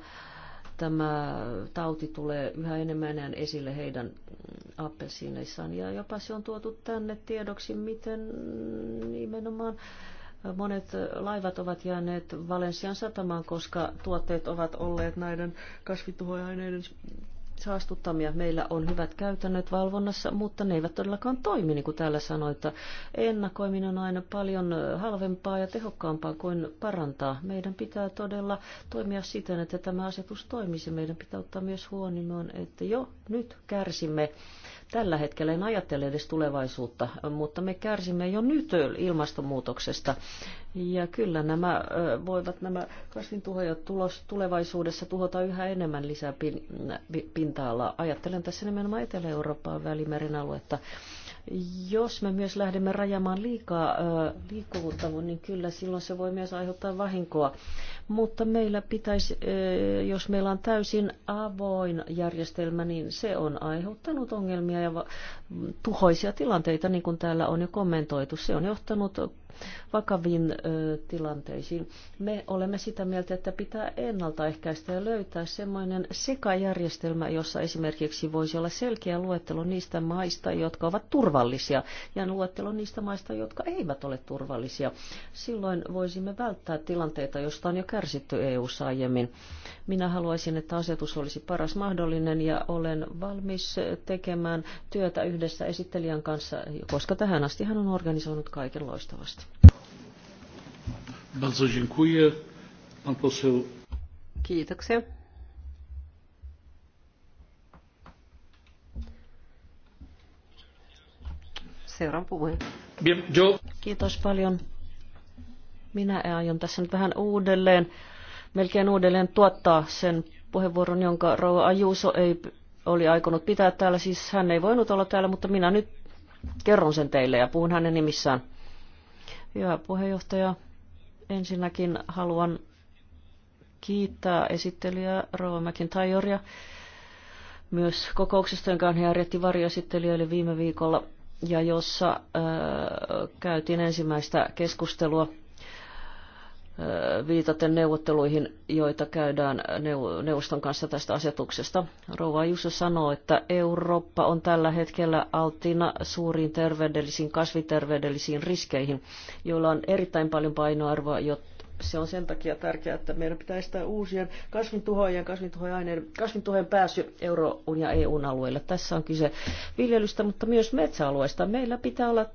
tämä tauti tulee yhä enemmän esille heidän appelsiineissaan. Ja jopa se on tuotu tänne tiedoksi, miten nimenomaan monet laivat ovat jääneet Valensian satamaan, koska tuotteet ovat olleet näiden kasvituhoaineiden saastuttamia. Meillä on hyvät käytännöt valvonnassa, mutta ne eivät todellakaan toimi, niin kuin täällä sanoin, että ennakoiminen on aina paljon halvempaa ja tehokkaampaa kuin parantaa. Meidän pitää todella toimia siten, että tämä asetus toimisi. Meidän pitää ottaa myös huomioon, että jo nyt kärsimme Tällä hetkellä en ajattele edes tulevaisuutta, mutta me kärsimme jo nyt ilmastonmuutoksesta. Ja kyllä nämä voivat nämä kasvintuhojat tulevaisuudessa tuhota yhä enemmän lisää pinta-alaa. Ajattelen tässä nimenomaan Etelä-Eurooppaan välimeren aluetta. Jos me myös lähdemme rajamaan liikaa liikkuvuutta, niin kyllä silloin se voi myös aiheuttaa vahinkoa. Mutta meillä pitäisi, jos meillä on täysin avoin järjestelmä, niin se on aiheuttanut ongelmia ja tuhoisia tilanteita, niin kuin täällä on jo kommentoitu. Se on johtanut vakaviin tilanteisiin. Me olemme sitä mieltä, että pitää ennaltaehkäistä ja löytää semmoinen sekajärjestelmä, jossa esimerkiksi voisi olla selkeä luettelo niistä maista, jotka ovat turvallisia, ja luettelo niistä maista, jotka eivät ole turvallisia. Silloin voisimme välttää tilanteita, joista on jo kärsitty EU-ssa aiemmin. Minä haluaisin, että asetus olisi paras mahdollinen ja olen valmis tekemään työtä yhdessä esittelijän kanssa, koska tähän asti hän on organisoinut kaiken loistavasti. Bardzo dziękuję. Pan poseł. Kiitoksia. Seuraan puhuja. Kiitos paljon. Minä aion tässä nyt vähän uudelleen, melkein uudelleen tuottaa sen puheenvuoron, jonka Rouva Ajuso ei oli aikonut pitää täällä. Siis hän ei voinut olla täällä, mutta minä nyt kerron sen teille ja puhun hänen nimissään. Hyvä puheenjohtaja, ensinnäkin haluan kiittää esittelijä Rova McIntyrea myös kokouksesta, jonka on järjetti varjoesittelijöille viime viikolla ja jossa äh, käytiin ensimmäistä keskustelua viitaten neuvotteluihin, joita käydään neuvoston kanssa tästä asetuksesta. Rouva Jussa sanoo, että Eurooppa on tällä hetkellä altina suuriin terveydellisiin, kasviterveydellisiin riskeihin, joilla on erittäin paljon painoarvoa, jotta se on sen takia tärkeää, että meidän pitää estää uusien kasvintuhoajien, kasvintuhoajien, kasvintuhojen pääsy euroon ja EU-alueille. Tässä on kyse viljelystä, mutta myös metsäalueista. Meillä pitää olla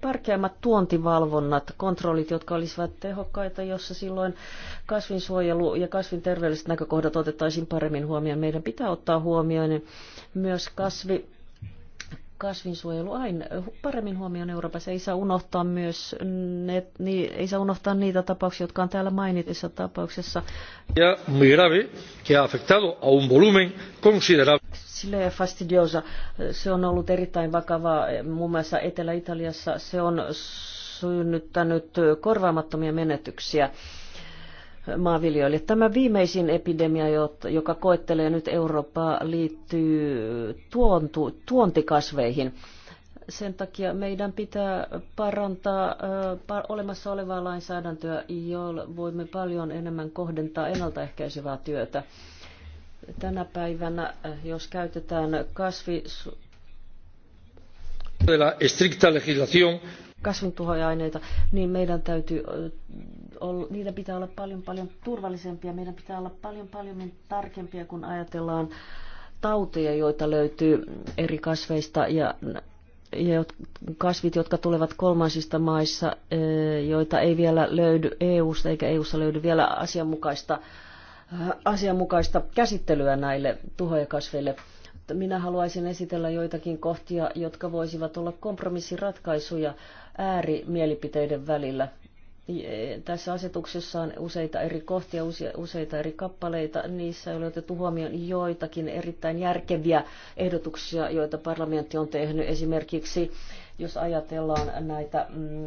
tärkeämmät mm, tuontivalvonnat, kontrollit, jotka olisivat tehokkaita, jossa silloin kasvinsuojelu ja kasvin terveelliset näkökohdat otettaisiin paremmin huomioon. Meidän pitää ottaa huomioon myös kasvi kasvinsuojelu aina paremmin huomioon Euroopassa. Ei saa unohtaa myös ne, nii, ei saa unohtaa niitä tapauksia, jotka on täällä mainitissa tapauksessa. Ja grave, que ha afectado a un volumen considerable. Sille fastidiosa. Se on ollut erittäin vakava muun muassa Etelä-Italiassa. Se on synnyttänyt korvaamattomia menetyksiä maanviljelijöille. Tämä viimeisin epidemia, joka koettelee nyt Eurooppaa, liittyy tuontu, tuontikasveihin. Sen takia meidän pitää parantaa olemassa olevaa lainsäädäntöä, jolla voimme paljon enemmän kohdentaa ennaltaehkäisevää työtä. Tänä päivänä, jos käytetään kasvi, kasvintuhoja-aineita, niin meidän täytyy niiden pitää olla paljon paljon turvallisempia. Meidän pitää olla paljon paljon tarkempia, kun ajatellaan tauteja, joita löytyy eri kasveista ja ja kasvit, jotka tulevat kolmansista maissa, e, joita ei vielä löydy EU-sta eikä EU-ssa löydy vielä asianmukaista, asianmukaista käsittelyä näille tuhojakasveille. Minä haluaisin esitellä joitakin kohtia, jotka voisivat olla kompromissiratkaisuja äärimielipiteiden välillä tässä asetuksessa on useita eri kohtia, useita eri kappaleita. Niissä oli otettu huomioon joitakin erittäin järkeviä ehdotuksia, joita parlamentti on tehnyt. Esimerkiksi jos ajatellaan näitä mm,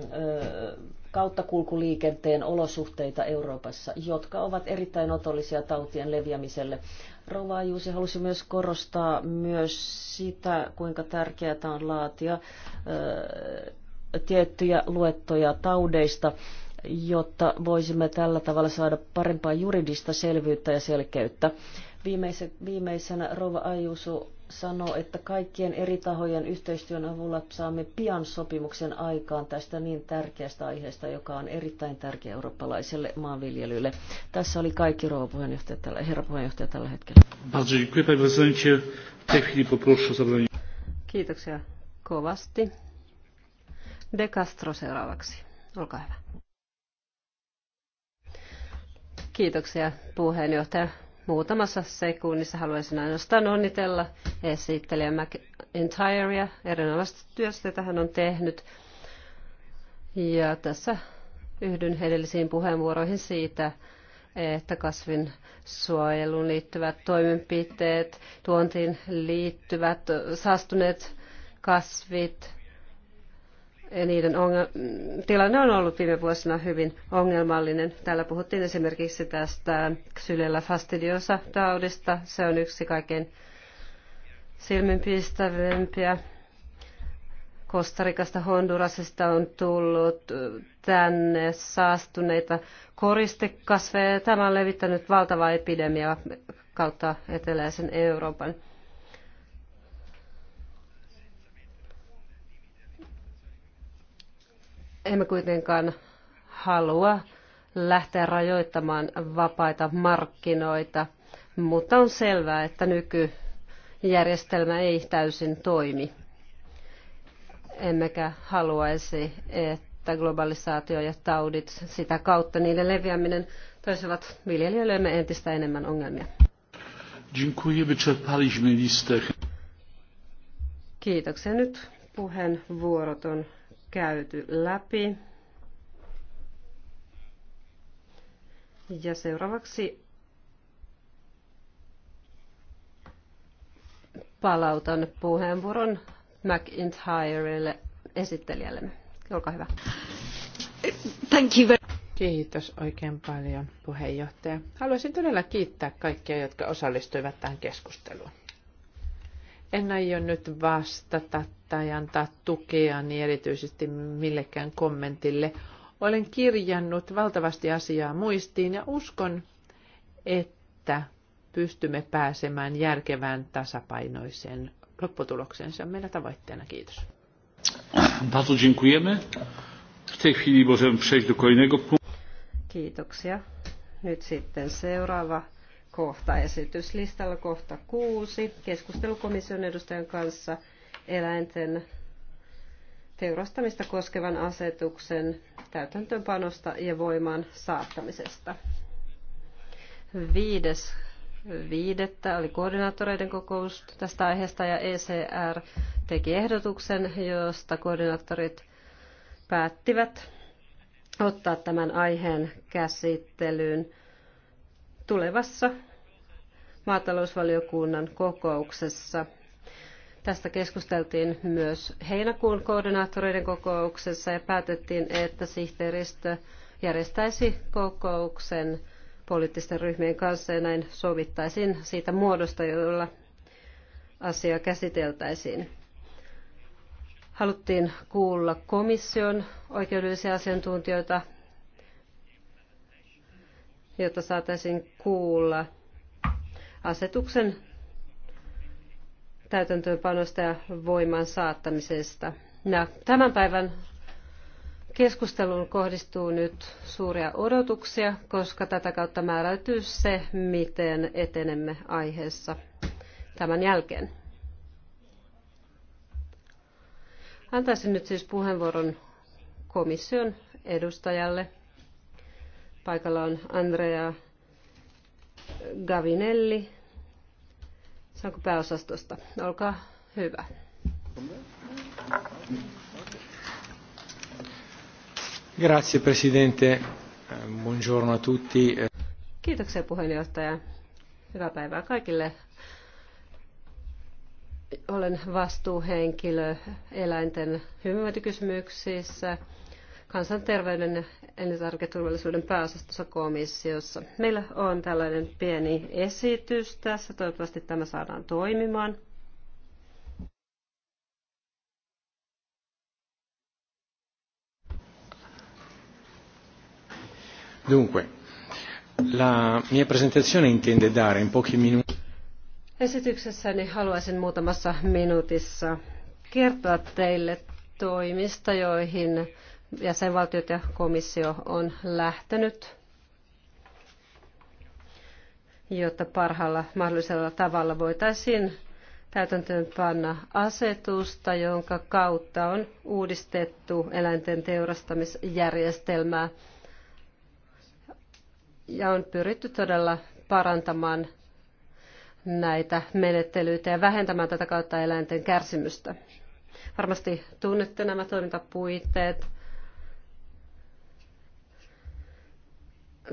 kauttakulkuliikenteen olosuhteita Euroopassa, jotka ovat erittäin otollisia tautien leviämiselle. Rova Juusi halusi myös korostaa myös sitä, kuinka tärkeää on laatia tiettyjä luettoja taudeista jotta voisimme tällä tavalla saada parempaa juridista selvyyttä ja selkeyttä. Viimeisenä Rova Ajusu sanoo, että kaikkien eri tahojen yhteistyön avulla saamme pian sopimuksen aikaan tästä niin tärkeästä aiheesta, joka on erittäin tärkeä eurooppalaiselle maanviljelylle. Tässä oli kaikki rouva puheenjohtaja herra puheenjohtaja tällä hetkellä. Kiitoksia kovasti. De Castro seuraavaksi. Olkaa hyvä. Kiitoksia puheenjohtaja. Muutamassa sekunnissa haluaisin ainoastaan onnitella esittelijä McIntyrea erinomaisesta työstä, jota hän on tehnyt. Ja tässä yhdyn edellisiin puheenvuoroihin siitä, että kasvin suojeluun liittyvät toimenpiteet, tuontiin liittyvät saastuneet kasvit, niiden tilanne on ollut viime vuosina hyvin ongelmallinen. Täällä puhuttiin esimerkiksi tästä Xylella fastidiosa taudista. Se on yksi kaiken silminpistävimpiä. Kostarikasta Hondurasista on tullut tänne saastuneita koristekasveja. Tämä on levittänyt valtavaa epidemiaa kautta eteläisen Euroopan. Emme kuitenkaan halua lähteä rajoittamaan vapaita markkinoita, mutta on selvää, että nykyjärjestelmä ei täysin toimi. Emmekä haluaisi, että globalisaatio ja taudit sitä kautta niiden leviäminen toisivat viljelijöillemme entistä enemmän ongelmia. Kiitoksia. Nyt puheenvuorot on käyty läpi. Ja seuraavaksi palautan puheenvuoron McIntyrelle esittelijälle. Olkaa hyvä. Thank you very- Kiitos oikein paljon puheenjohtaja. Haluaisin todella kiittää kaikkia, jotka osallistuivat tähän keskusteluun. En aio nyt vastata tai antaa tukea niin erityisesti millekään kommentille. Olen kirjannut valtavasti asiaa muistiin ja uskon, että pystymme pääsemään järkevään tasapainoiseen lopputulokseen. Se on meillä tavoitteena. Kiitos. Bardzo dziękujemy. W tej chwili możemy przejść do kolejnego punktu. Kiitoksia. Nyt sitten seuraava kohta esityslistalla, kohta kuusi, keskustelukomission edustajan kanssa eläinten teurastamista koskevan asetuksen täytäntöönpanosta ja voimaan saattamisesta. Viides viidettä oli koordinaattoreiden kokous tästä aiheesta ja ECR teki ehdotuksen, josta koordinaattorit päättivät ottaa tämän aiheen käsittelyyn tulevassa maatalousvaliokunnan kokouksessa. Tästä keskusteltiin myös heinäkuun koordinaattoreiden kokouksessa ja päätettiin, että sihteeristö järjestäisi kokouksen poliittisten ryhmien kanssa ja näin sovittaisiin siitä muodosta, jolla asia käsiteltäisiin. Haluttiin kuulla komission oikeudellisia asiantuntijoita jotta saataisiin kuulla asetuksen täytäntöönpanosta ja voimaan saattamisesta. Ja tämän päivän keskusteluun kohdistuu nyt suuria odotuksia, koska tätä kautta määräytyy se, miten etenemme aiheessa tämän jälkeen. Antaisin nyt siis puheenvuoron komission edustajalle. Paikalla on Andrea Gavinelli. Saanko pääosastosta? Olkaa hyvä. Grazie Presidente. Buongiorno a tutti. Kiitoksia puheenjohtaja. Hyvää päivää kaikille. Olen vastuuhenkilö eläinten hyvinvointikysymyksissä kansanterveyden ja elintarviketurvallisuuden pääosastossa komissiossa. Meillä on tällainen pieni esitys tässä. Toivottavasti tämä saadaan toimimaan. Dunque, la mia presentazione intende dare in pochi minuti. Esityksessäni haluaisin muutamassa minuutissa kertoa teille toimista, joihin jäsenvaltiot ja komissio on lähtenyt, jotta parhaalla mahdollisella tavalla voitaisiin täytäntöön panna asetusta, jonka kautta on uudistettu eläinten teurastamisjärjestelmää ja on pyritty todella parantamaan näitä menettelyitä ja vähentämään tätä kautta eläinten kärsimystä. Varmasti tunnette nämä toimintapuitteet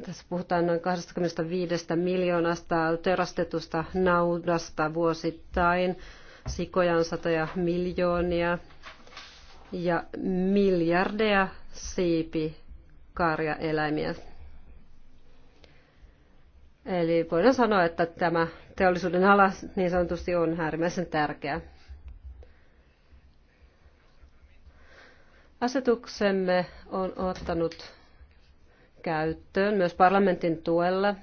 Tässä puhutaan noin 25 miljoonasta teurastetusta naudasta vuosittain. Sikoja on satoja miljoonia ja miljardeja siipikarjaeläimiä. Eli voidaan sanoa, että tämä teollisuuden ala niin sanotusti on äärimmäisen tärkeä. Asetuksemme on ottanut käyttöön myös parlamentin tuella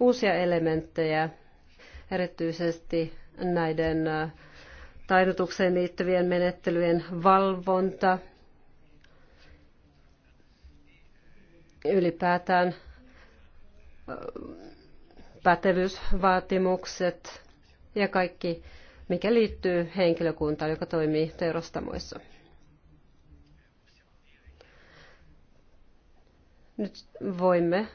uusia elementtejä, erityisesti näiden taidotukseen liittyvien menettelyjen valvonta, ylipäätään pätevyysvaatimukset ja kaikki, mikä liittyy henkilökuntaan, joka toimii teurastamoissa. Nyt voimme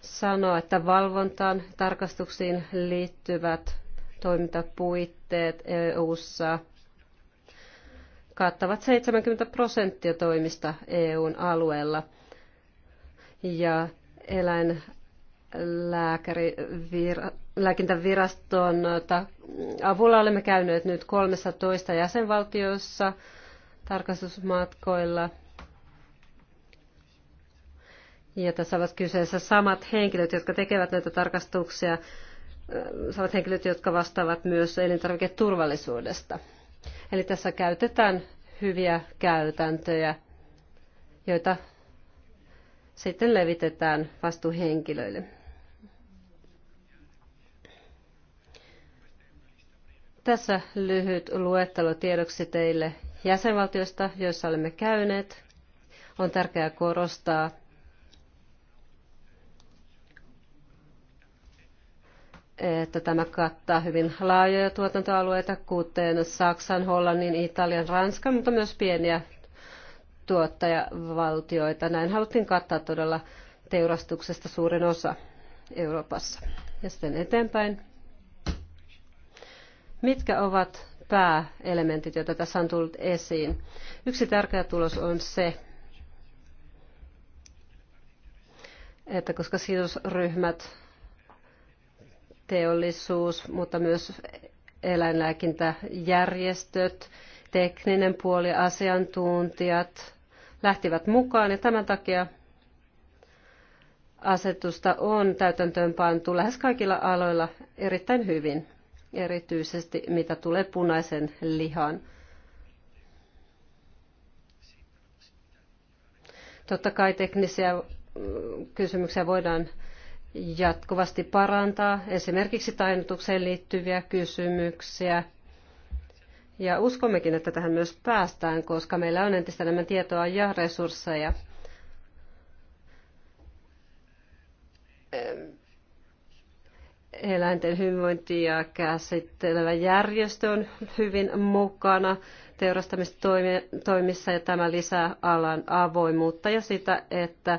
sanoa, että valvontaan tarkastuksiin liittyvät toimintapuitteet EU:ssa kattavat 70 prosenttia toimista EUn alueella. Ja eläinlääkintäviraston avulla olemme käyneet nyt 13 jäsenvaltiossa tarkastusmatkoilla – ja tässä ovat kyseessä samat henkilöt, jotka tekevät näitä tarkastuksia, samat henkilöt, jotka vastaavat myös elintarviketurvallisuudesta. Eli tässä käytetään hyviä käytäntöjä, joita sitten levitetään vastuuhenkilöille. Tässä lyhyt luettelo tiedoksi teille jäsenvaltioista, joissa olemme käyneet. On tärkeää korostaa, että tämä kattaa hyvin laajoja tuotantoalueita, kuten Saksan, Hollannin, Italian, Ranskan, mutta myös pieniä tuottajavaltioita. Näin haluttiin kattaa todella teurastuksesta suurin osa Euroopassa. Ja sitten eteenpäin. Mitkä ovat pääelementit, joita tässä on tullut esiin? Yksi tärkeä tulos on se, että koska sidosryhmät teollisuus, mutta myös eläinlääkintäjärjestöt, tekninen puoli, asiantuntijat lähtivät mukaan ja tämän takia asetusta on täytäntöön pantu lähes kaikilla aloilla erittäin hyvin, erityisesti mitä tulee punaisen lihan. Totta kai teknisiä mm, kysymyksiä voidaan jatkuvasti parantaa esimerkiksi tainnutukseen liittyviä kysymyksiä. Ja uskommekin, että tähän myös päästään, koska meillä on entistä enemmän tietoa ja resursseja. Eläinten hyvinvointia käsittelevä järjestö on hyvin mukana teurastamistoimissa ja tämä lisää alan avoimuutta ja sitä, että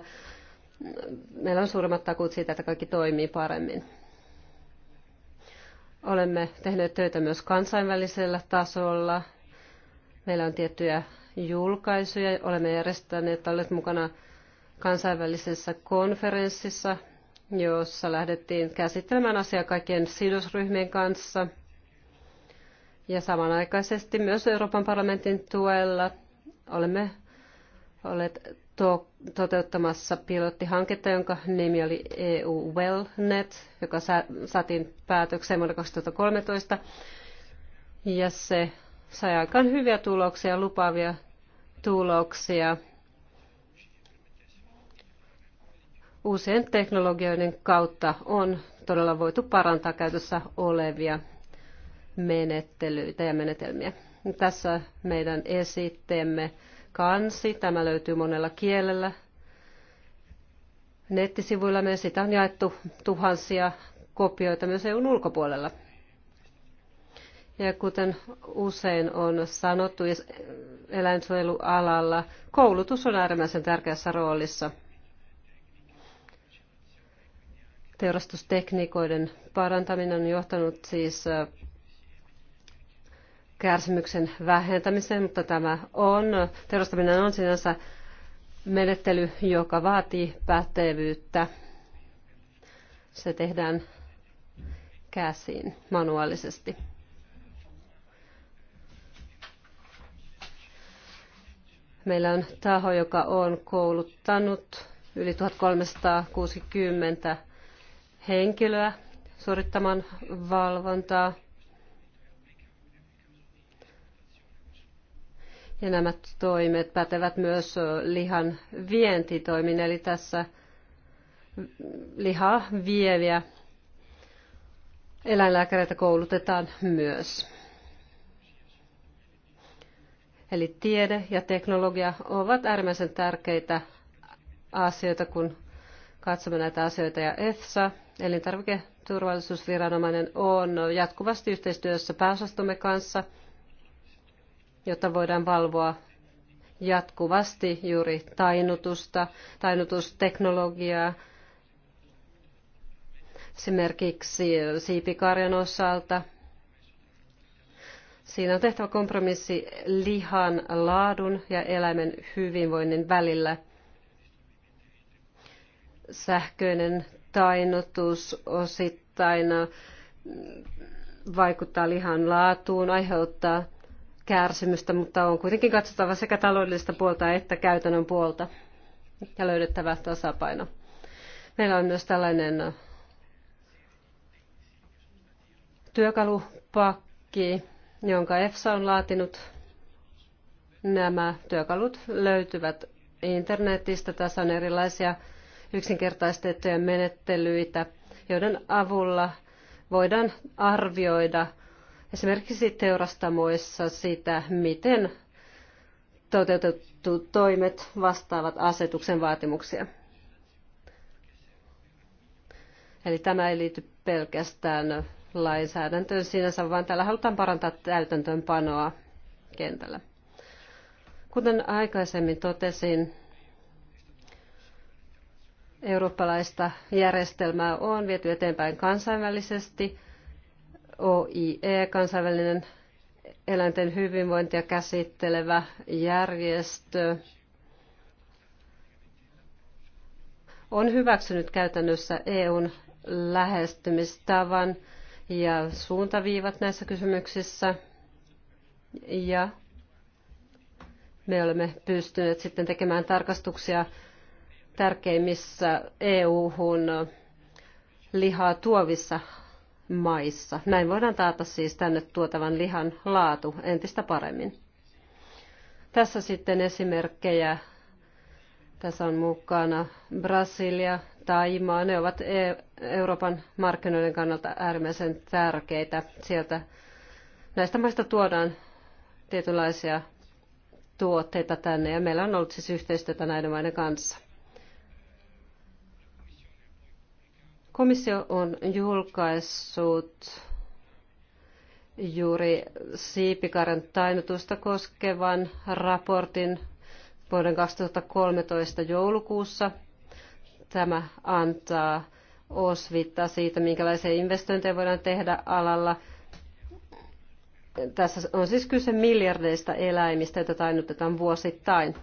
meillä on suuremmat takuut siitä, että kaikki toimii paremmin. Olemme tehneet töitä myös kansainvälisellä tasolla. Meillä on tiettyjä julkaisuja. Olemme järjestäneet, olleet mukana kansainvälisessä konferenssissa, jossa lähdettiin käsittelemään asiaa kaikkien sidosryhmien kanssa. Ja samanaikaisesti myös Euroopan parlamentin tuella olemme olleet to- toteuttamassa pilottihanketta, jonka nimi oli EU WellNet, joka sa- saatiin päätökseen vuonna 2013. Ja se sai aikaan hyviä tuloksia, lupaavia tuloksia uusien teknologioiden kautta on todella voitu parantaa käytössä olevia menettelyitä ja menetelmiä. Tässä meidän esitteemme kansi. Tämä löytyy monella kielellä. Nettisivuilla me sitä on jaettu tuhansia kopioita myös EUn ulkopuolella. Ja kuten usein on sanottu, eläinsuojelualalla koulutus on äärimmäisen tärkeässä roolissa. Teurastustekniikoiden parantaminen on johtanut siis äh, kärsimyksen vähentämiseen, mutta tämä on, terrastaminen on sinänsä menettely, joka vaatii pätevyyttä. Se tehdään käsiin manuaalisesti. Meillä on taho, joka on kouluttanut yli 1360 henkilöä suorittamaan valvontaa – Ja nämä toimet pätevät myös lihan vientitoimin, eli tässä lihaa vieviä eläinlääkäreitä koulutetaan myös. Eli tiede ja teknologia ovat äärimmäisen tärkeitä asioita, kun katsomme näitä asioita. Ja EFSA, elintarviketurvallisuusviranomainen, on jatkuvasti yhteistyössä pääosastomme kanssa – jotta voidaan valvoa jatkuvasti juuri tainutusta, tainutusteknologiaa, esimerkiksi siipikarjan osalta. Siinä on tehtävä kompromissi lihan laadun ja eläimen hyvinvoinnin välillä. Sähköinen tainnutus osittain vaikuttaa lihan laatuun, aiheuttaa kärsimystä, mutta on kuitenkin katsottava sekä taloudellista puolta että käytännön puolta ja löydettävä tasapaino. Meillä on myös tällainen työkalupakki, jonka EFSA on laatinut. Nämä työkalut löytyvät internetistä. Tässä on erilaisia yksinkertaistettuja menettelyitä, joiden avulla voidaan arvioida – esimerkiksi teurastamoissa sitä, miten toteutettu toimet vastaavat asetuksen vaatimuksia. Eli tämä ei liity pelkästään lainsäädäntöön sinänsä, vaan tällä halutaan parantaa täytäntöönpanoa kentällä. Kuten aikaisemmin totesin, eurooppalaista järjestelmää on viety eteenpäin kansainvälisesti OIE, kansainvälinen eläinten hyvinvointia käsittelevä järjestö, on hyväksynyt käytännössä EUn lähestymistavan ja suuntaviivat näissä kysymyksissä. Ja me olemme pystyneet sitten tekemään tarkastuksia tärkeimmissä EU-hun lihaa tuovissa maissa. Näin voidaan taata siis tänne tuotavan lihan laatu entistä paremmin. Tässä sitten esimerkkejä. Tässä on mukana Brasilia, Taimaa. Ne ovat e- Euroopan markkinoiden kannalta äärimmäisen tärkeitä. Sieltä näistä maista tuodaan tietynlaisia tuotteita tänne ja meillä on ollut siis yhteistyötä näiden maiden kanssa. Komissio on julkaissut juuri siipikaren tainnutusta koskevan raportin vuoden 2013 joulukuussa. Tämä antaa osvittaa siitä, minkälaisia investointeja voidaan tehdä alalla. Tässä on siis kyse miljardeista eläimistä, joita tainnutetaan vuosittain.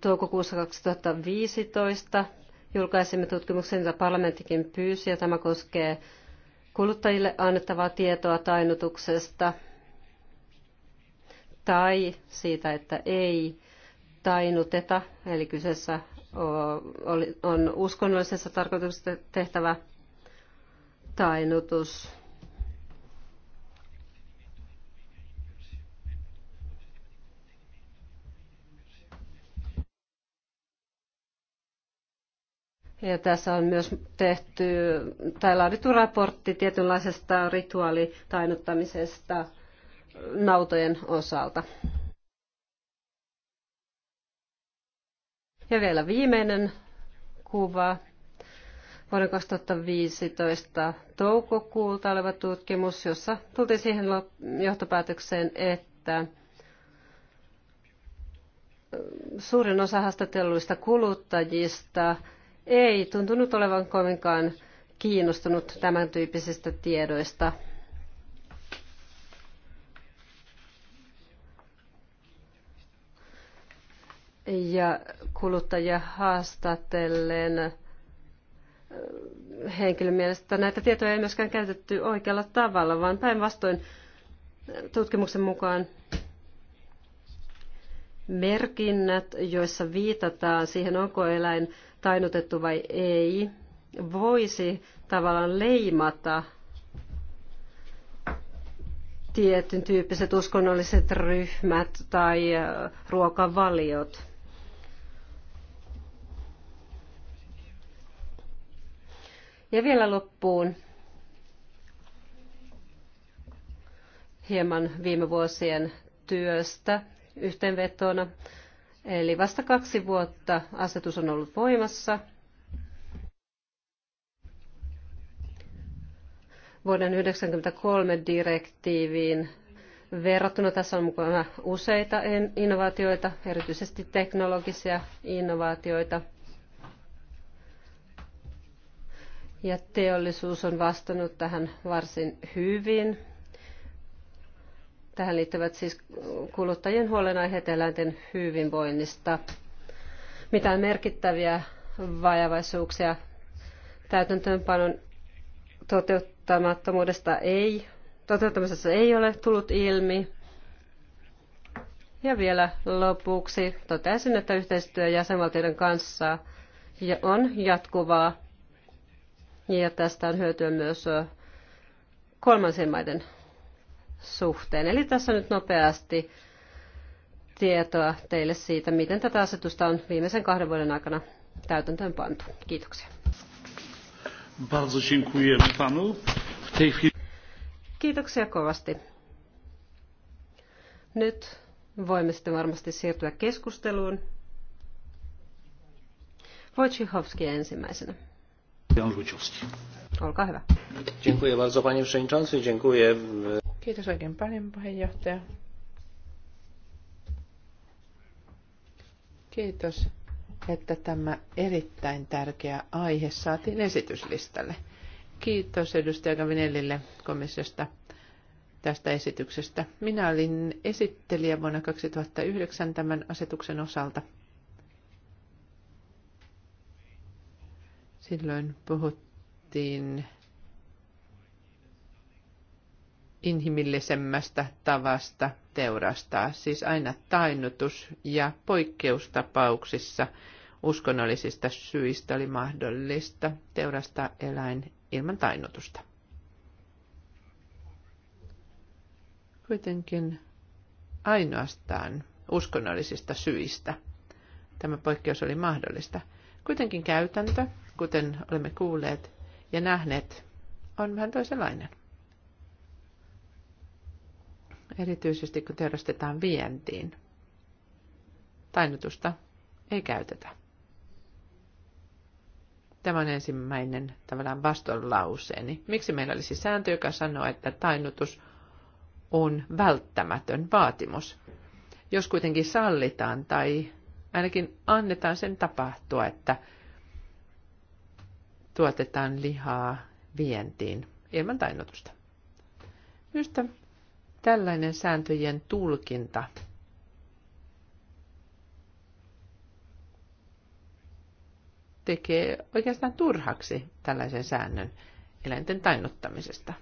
Toukokuussa 2015 Julkaisimme tutkimuksen, jota parlamenttikin pyysi, ja tämä koskee kuluttajille annettavaa tietoa tainnutuksesta tai siitä, että ei tainuteta, eli kyseessä on uskonnollisessa tarkoituksessa tehtävä tainutus. Ja tässä on myös tehty tai laadittu raportti tietynlaisesta rituaalitainnuttamisesta nautojen osalta. Ja vielä viimeinen kuva vuoden 2015 toukokuulta oleva tutkimus, jossa tultiin siihen johtopäätökseen, että suurin osa haastatelluista kuluttajista ei tuntunut olevan kovinkaan kiinnostunut tämän tyyppisistä tiedoista. Ja kuluttajia haastatellen äh, henkilön mielestä näitä tietoja ei myöskään käytetty oikealla tavalla, vaan päinvastoin tutkimuksen mukaan merkinnät, joissa viitataan siihen, onko eläin Tainutettu vai ei, voisi tavallaan leimata tietyn tyyppiset uskonnolliset ryhmät tai ruokavaliot. Ja vielä loppuun hieman viime vuosien työstä yhteenvetona. Eli vasta kaksi vuotta asetus on ollut voimassa. Vuoden 1993 direktiiviin verrattuna tässä on mukana useita innovaatioita, erityisesti teknologisia innovaatioita. Ja teollisuus on vastannut tähän varsin hyvin. Tähän liittyvät siis kuluttajien huolenaiheet eläinten hyvinvoinnista. Mitään merkittäviä vajavaisuuksia täytäntöönpanon toteuttamattomuudesta ei, toteuttamisessa ei ole tullut ilmi. Ja vielä lopuksi toteaisin, että yhteistyö jäsenvaltioiden kanssa on jatkuvaa ja tästä on hyötyä myös kolmansien maiden suhteen. Eli tässä nyt nopeasti tietoa teille siitä, miten tätä asetusta on viimeisen kahden vuoden aikana täytäntöön pantu. Kiitoksia. panu. Kiitoksia kovasti. Nyt voimme sitten varmasti siirtyä keskusteluun. Wojciechowski ensimmäisenä. Olkaa hyvä. Dziękuję bardzo panie przewodniczący, dziękuję Kiitos oikein paljon puheenjohtaja. Kiitos, että tämä erittäin tärkeä aihe saatiin esityslistalle. Kiitos edustaja Gavinellille komissiosta tästä esityksestä. Minä olin esittelijä vuonna 2009 tämän asetuksen osalta. Silloin puhuttiin inhimillisemmästä tavasta teurastaa, siis aina tainnutus ja poikkeustapauksissa uskonnollisista syistä oli mahdollista teurastaa eläin ilman tainnutusta. Kuitenkin ainoastaan uskonnollisista syistä tämä poikkeus oli mahdollista. Kuitenkin käytäntö, kuten olemme kuulleet ja nähneet, on vähän toisenlainen erityisesti kun teurastetaan vientiin. Tainnutusta ei käytetä. Tämä on ensimmäinen tavallaan vastonlauseeni. Miksi meillä olisi sääntö, joka sanoo, että tainnutus on välttämätön vaatimus? Jos kuitenkin sallitaan tai ainakin annetaan sen tapahtua, että tuotetaan lihaa vientiin ilman tainnutusta. Ystä Tällainen sääntöjen tulkinta tekee oikeastaan turhaksi tällaisen säännön eläinten tainnuttamisesta.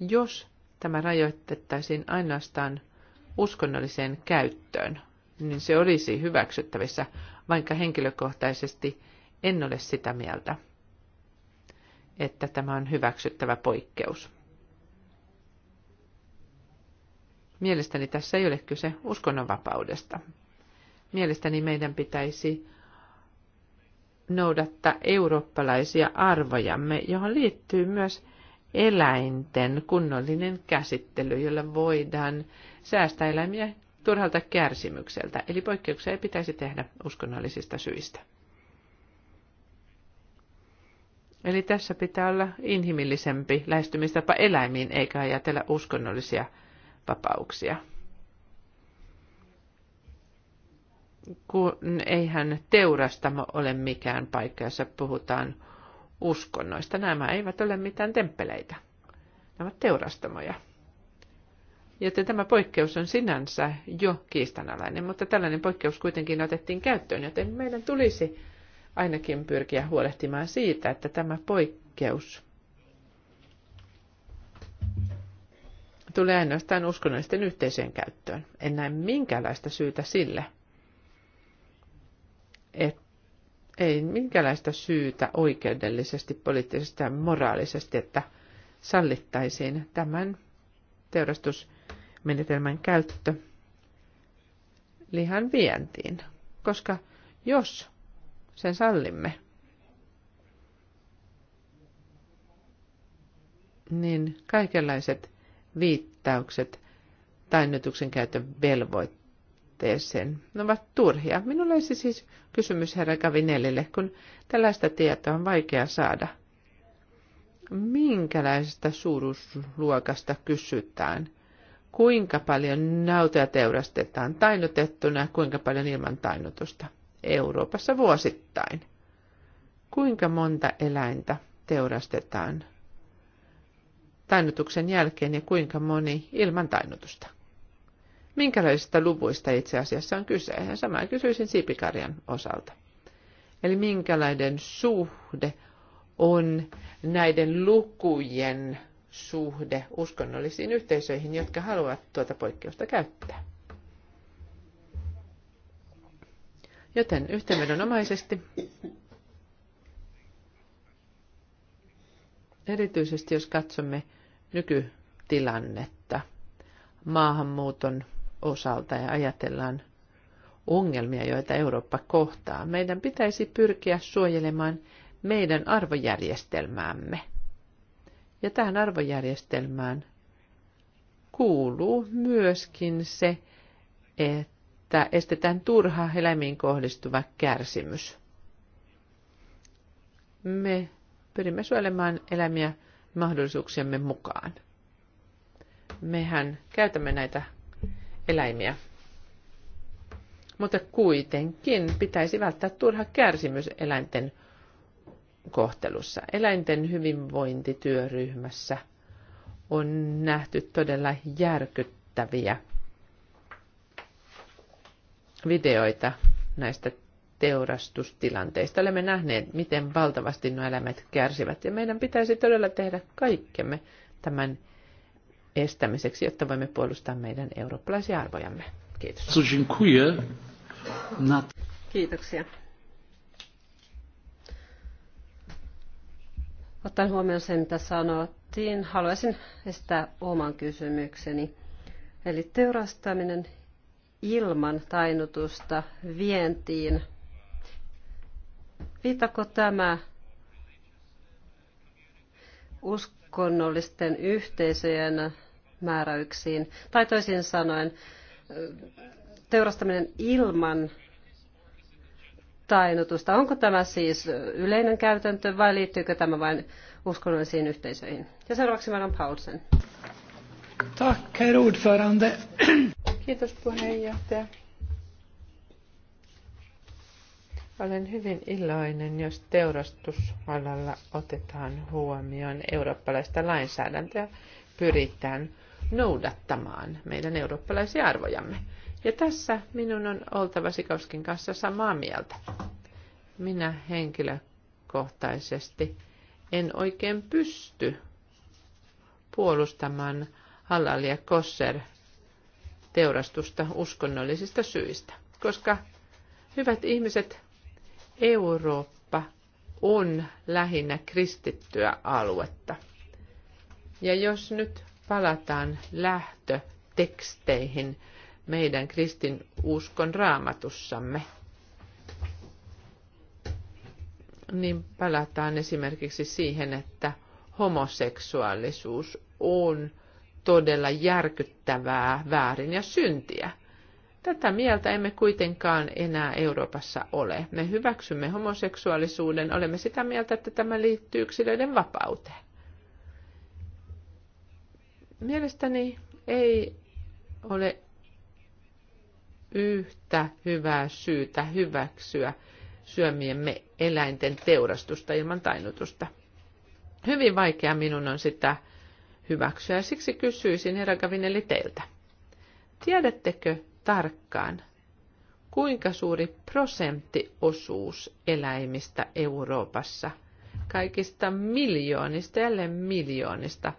Jos tämä rajoitettaisiin ainoastaan uskonnolliseen käyttöön, niin se olisi hyväksyttävissä, vaikka henkilökohtaisesti en ole sitä mieltä, että tämä on hyväksyttävä poikkeus. Mielestäni tässä ei ole kyse uskonnonvapaudesta. Mielestäni meidän pitäisi noudattaa eurooppalaisia arvojamme, johon liittyy myös eläinten kunnollinen käsittely, jolla voidaan säästää eläimiä turhalta kärsimykseltä. Eli poikkeuksia ei pitäisi tehdä uskonnollisista syistä. Eli tässä pitää olla inhimillisempi lähestymistapa eläimiin, eikä ajatella uskonnollisia vapauksia. Kun eihän teurastamo ole mikään paikka, jossa puhutaan uskonnoista. Nämä eivät ole mitään temppeleitä. Nämä ovat teurastamoja. Joten tämä poikkeus on sinänsä jo kiistanalainen, mutta tällainen poikkeus kuitenkin otettiin käyttöön, joten meidän tulisi ainakin pyrkiä huolehtimaan siitä, että tämä poikkeus tulee ainoastaan uskonnollisten yhteisöjen käyttöön. En näe minkäänlaista syytä sille, että ei minkäänlaista syytä oikeudellisesti, poliittisesti ja moraalisesti, että sallittaisiin tämän teurastusmenetelmän käyttö lihan vientiin. Koska jos sen sallimme, niin kaikenlaiset viittaukset tainnutuksen käytön velvoitteeseen ne ovat turhia. Minulla olisi siis kysymys herra Kavinellille, kun tällaista tietoa on vaikea saada. Minkälaisesta suuruusluokasta kysytään? Kuinka paljon nautoja teurastetaan tainnutettuna ja kuinka paljon ilman tainnutusta? Euroopassa vuosittain. Kuinka monta eläintä teurastetaan tainnutuksen jälkeen ja kuinka moni ilman tainnutusta? Minkälaisista luvuista itse asiassa on kyse? Ja samaa kysyisin siipikarjan osalta. Eli minkälainen suhde on näiden lukujen suhde uskonnollisiin yhteisöihin, jotka haluavat tuota poikkeusta käyttää. Joten yhteenvedonomaisesti, erityisesti jos katsomme nykytilannetta maahanmuuton osalta ja ajatellaan ongelmia, joita Eurooppa kohtaa, meidän pitäisi pyrkiä suojelemaan meidän arvojärjestelmäämme. Ja tähän arvojärjestelmään kuuluu myöskin se, että että estetään turha eläimiin kohdistuva kärsimys. Me pyrimme suojelemaan eläimiä mahdollisuuksiemme mukaan. Mehän käytämme näitä eläimiä. Mutta kuitenkin pitäisi välttää turha kärsimys eläinten kohtelussa. Eläinten hyvinvointityöryhmässä on nähty todella järkyttäviä videoita näistä teurastustilanteista. Olemme nähneet, miten valtavasti nuo eläimet kärsivät, ja meidän pitäisi todella tehdä kaikkemme tämän estämiseksi, jotta voimme puolustaa meidän eurooppalaisia arvojamme. Kiitos. Kiitoksia. Ottaen huomioon sen, mitä sanottiin, haluaisin estää oman kysymykseni. Eli teurastaminen ilman tainnutusta vientiin. Viitako tämä uskonnollisten yhteisöjen määräyksiin? Tai toisin sanoen, teurastaminen ilman tainnutusta. Onko tämä siis yleinen käytäntö vai liittyykö tämä vain uskonnollisiin yhteisöihin? Ja seuraavaksi meillä Paulsen. Tack, herr ordförande. Kiitos puheenjohtaja. Olen hyvin iloinen, jos teurastusalalla otetaan huomioon eurooppalaista lainsäädäntöä, pyritään noudattamaan meidän eurooppalaisia arvojamme. Ja tässä minun on oltava Sikoskin kanssa samaa mieltä. Minä henkilökohtaisesti en oikein pysty puolustamaan halalia kosser teurastusta uskonnollisista syistä. Koska, hyvät ihmiset, Eurooppa on lähinnä kristittyä aluetta. Ja jos nyt palataan lähtöteksteihin meidän kristin uskon raamatussamme, niin palataan esimerkiksi siihen, että homoseksuaalisuus on todella järkyttävää väärin ja syntiä. Tätä mieltä emme kuitenkaan enää Euroopassa ole. Me hyväksymme homoseksuaalisuuden, olemme sitä mieltä, että tämä liittyy yksilöiden vapauteen. Mielestäni ei ole yhtä hyvää syytä hyväksyä syömiemme eläinten teurastusta ilman tainutusta. Hyvin vaikea minun on sitä hyväksyä. Siksi kysyisin herra Gavinelli teiltä. Tiedättekö tarkkaan, kuinka suuri prosenttiosuus eläimistä Euroopassa, kaikista miljoonista, jälleen miljoonista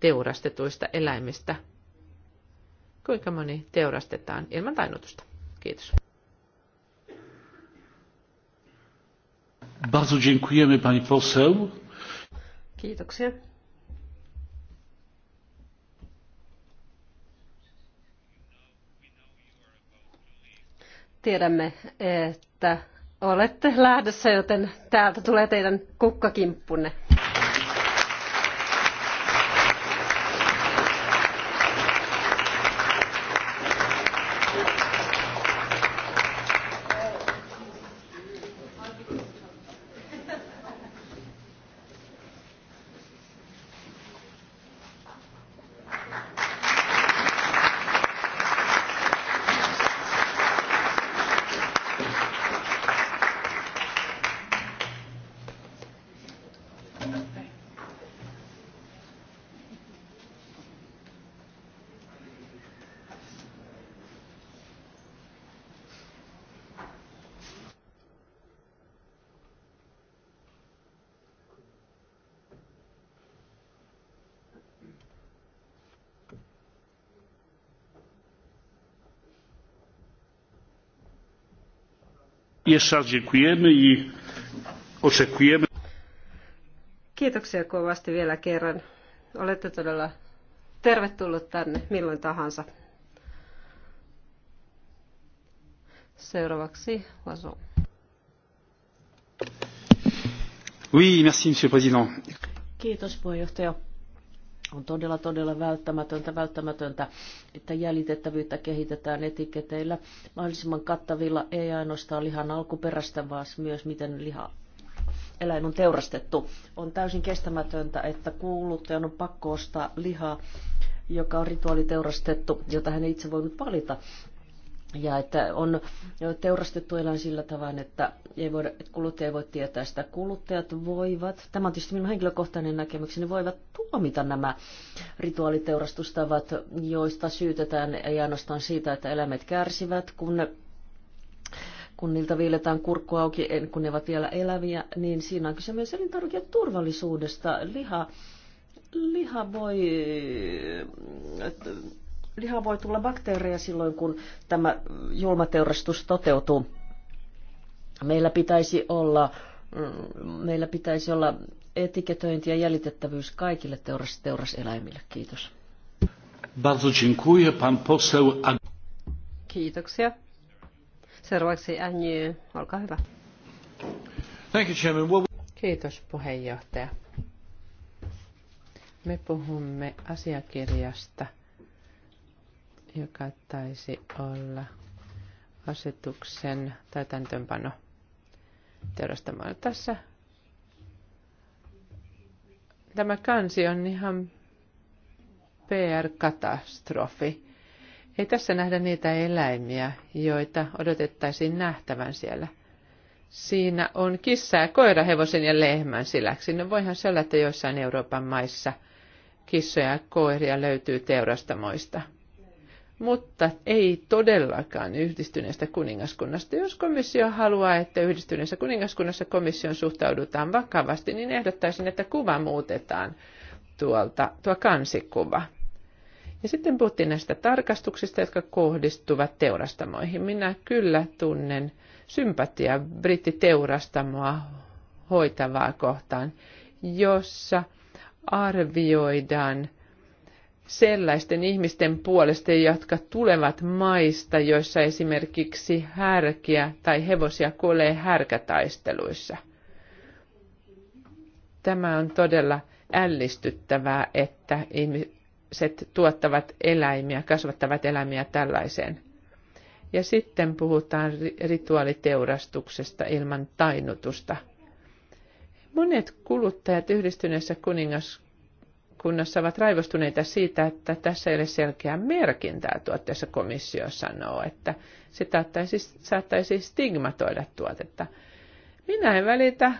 teurastetuista eläimistä, kuinka moni teurastetaan ilman tainnutusta? Kiitos. Bardzo dziękujemy pani poseł. Kiitoksia. Tiedämme, että olette lähdössä, joten täältä tulee teidän kukkakimppunne. Jeszcze raz dziękujemy i oczekujemy. Kiitoksia kovasti vielä kerran. Olette todella tervetullut tänne milloin tahansa. Seuraavaksi Laso. Oui, merci, monsieur le président. Kiitos puheenjohtaja on todella, todella välttämätöntä, välttämätöntä, että jäljitettävyyttä kehitetään etiketeillä mahdollisimman kattavilla, ei ainoastaan lihan alkuperästä, vaan myös miten liha eläin on teurastettu. On täysin kestämätöntä, että kuuluttajan on pakko ostaa lihaa, joka on rituaaliteurastettu, jota hän ei itse voinut valita ja että on teurastettu eläin sillä tavoin, että, ei voida, että kuluttaja ei voi tietää sitä. Kuluttajat voivat, tämä on tietysti minun henkilökohtainen näkemykseni, voivat tuomita nämä rituaaliteurastustavat, joista syytetään ei ainoastaan siitä, että eläimet kärsivät, kun ne kun niiltä viiletään kurkku auki, kun ne ovat vielä eläviä, niin siinä on kyse myös turvallisuudesta. Liha, liha voi liha voi tulla bakteereja silloin, kun tämä julmateurastus toteutuu. Meillä pitäisi olla, mm, meillä pitäisi olla etiketöinti ja jäljitettävyys kaikille teuras, teuraseläimille. Kiitos. Bardzo dziękuję, pan poseł. Kiitoksia. Seuraavaksi Anny, olkaa hyvä. Thank you, Chairman. Kiitos puheenjohtaja. Me puhumme asiakirjasta – joka taisi olla asetuksen täytäntöönpano teurastamoilla. Tässä tämä kansi on ihan PR-katastrofi. Ei tässä nähdä niitä eläimiä, joita odotettaisiin nähtävän siellä. Siinä on kissaa, koira, hevosen ja lehmän siläksi. No voihan se olla, että joissain Euroopan maissa kissoja ja koiria löytyy teurastamoista – mutta ei todellakaan yhdistyneestä kuningaskunnasta. Jos komissio haluaa, että yhdistyneessä kuningaskunnassa komission suhtaudutaan vakavasti, niin ehdottaisin, että kuva muutetaan tuolta, tuo kansikuva. Ja sitten puhuttiin näistä tarkastuksista, jotka kohdistuvat teurastamoihin. Minä kyllä tunnen sympatia brittiteurastamoa hoitavaa kohtaan, jossa arvioidaan – sellaisten ihmisten puolesta, jotka tulevat maista, joissa esimerkiksi härkiä tai hevosia kuolee härkätaisteluissa. Tämä on todella ällistyttävää, että ihmiset tuottavat eläimiä, kasvattavat eläimiä tällaiseen. Ja sitten puhutaan rituaaliteurastuksesta ilman tainutusta. Monet kuluttajat yhdistyneessä kuningas kunnassa ovat raivostuneita siitä, että tässä ei ole selkeää merkintää tuotteessa komissio sanoo, että se taattaisi, saattaisi stigmatoida tuotetta. Minä en välitä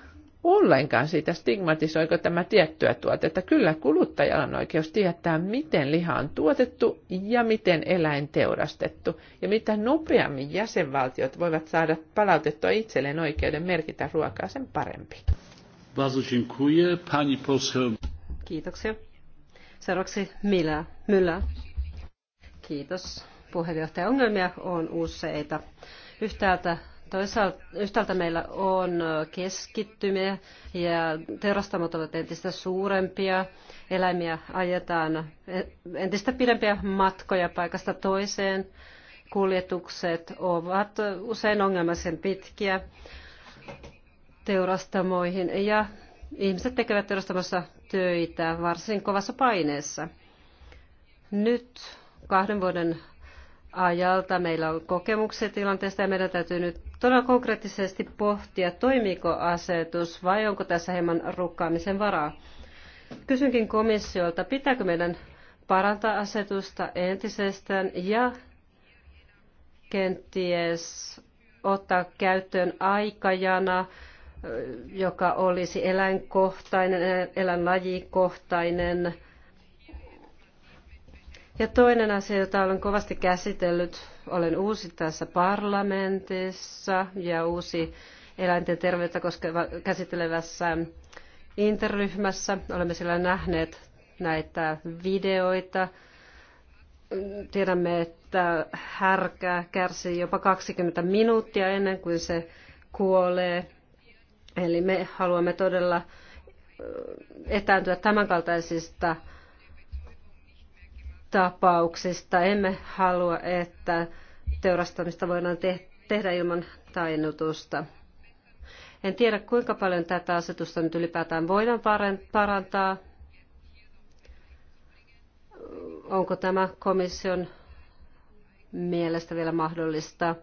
ollenkaan siitä, stigmatisoiko tämä tiettyä tuotetta. Kyllä kuluttajalla on oikeus tietää, miten liha on tuotettu ja miten eläin teurastettu. Ja mitä nopeammin jäsenvaltiot voivat saada palautettua itselleen oikeuden merkitä ruokaa, sen parempi. Bardzo dziękuję. Pani poseł. Kiitoksia. Seuraavaksi Mila Mylä. Kiitos. Puheenjohtaja ongelmia on useita. Yhtäältä Toisaalta yhtäältä meillä on keskittymiä ja teurastamot ovat entistä suurempia. Eläimiä ajetaan entistä pidempiä matkoja paikasta toiseen. Kuljetukset ovat usein ongelmaisen pitkiä teurastamoihin ja ihmiset tekevät teurastamossa töitä varsin kovassa paineessa. Nyt kahden vuoden ajalta meillä on kokemuksia tilanteesta ja meidän täytyy nyt todella konkreettisesti pohtia, toimiiko asetus vai onko tässä hieman rukkaamisen varaa. Kysynkin komissiolta, pitääkö meidän parantaa asetusta entisestään ja kenties ottaa käyttöön aikajana joka olisi eläinkohtainen, eläinlajikohtainen. Ja toinen asia, jota olen kovasti käsitellyt, olen uusi tässä parlamentissa ja uusi eläinten terveyttä koskeva, käsittelevässä interryhmässä. Olemme siellä nähneet näitä videoita. Tiedämme, että härkä kärsii jopa 20 minuuttia ennen kuin se kuolee. Eli me haluamme todella etääntyä tämänkaltaisista tapauksista. Emme halua, että teurastamista voidaan te- tehdä ilman tainnutusta. En tiedä, kuinka paljon tätä asetusta nyt ylipäätään voidaan parantaa. Onko tämä komission mielestä vielä mahdollista?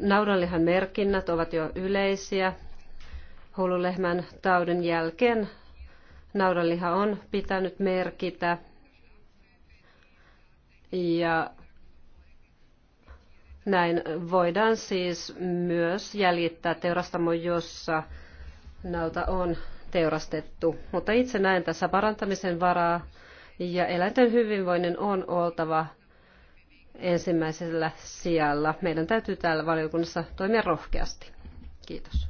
Naudanlihan merkinnät ovat jo yleisiä hullulehmän taudin jälkeen naudanliha on pitänyt merkitä. Ja näin voidaan siis myös jäljittää teurastamo, jossa nauta on teurastettu. Mutta itse näen tässä parantamisen varaa ja eläinten hyvinvoinnin on oltava ensimmäisellä sijalla. Meidän täytyy täällä valiokunnassa toimia rohkeasti. Kiitos.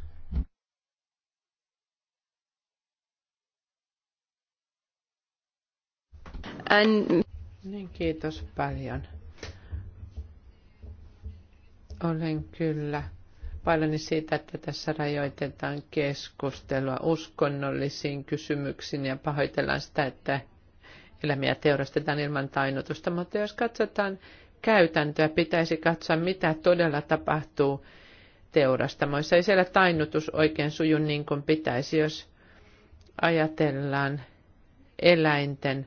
And... Niin, kiitos paljon. Olen kyllä paillani siitä, että tässä rajoitetaan keskustelua uskonnollisiin kysymyksiin ja pahoitellaan sitä, että elämiä teurastetaan ilman tainnutusta. Mutta jos katsotaan käytäntöä, pitäisi katsoa, mitä todella tapahtuu teurastamoissa. Ei siellä tainnutus oikein suju niin kuin pitäisi, jos ajatellaan eläinten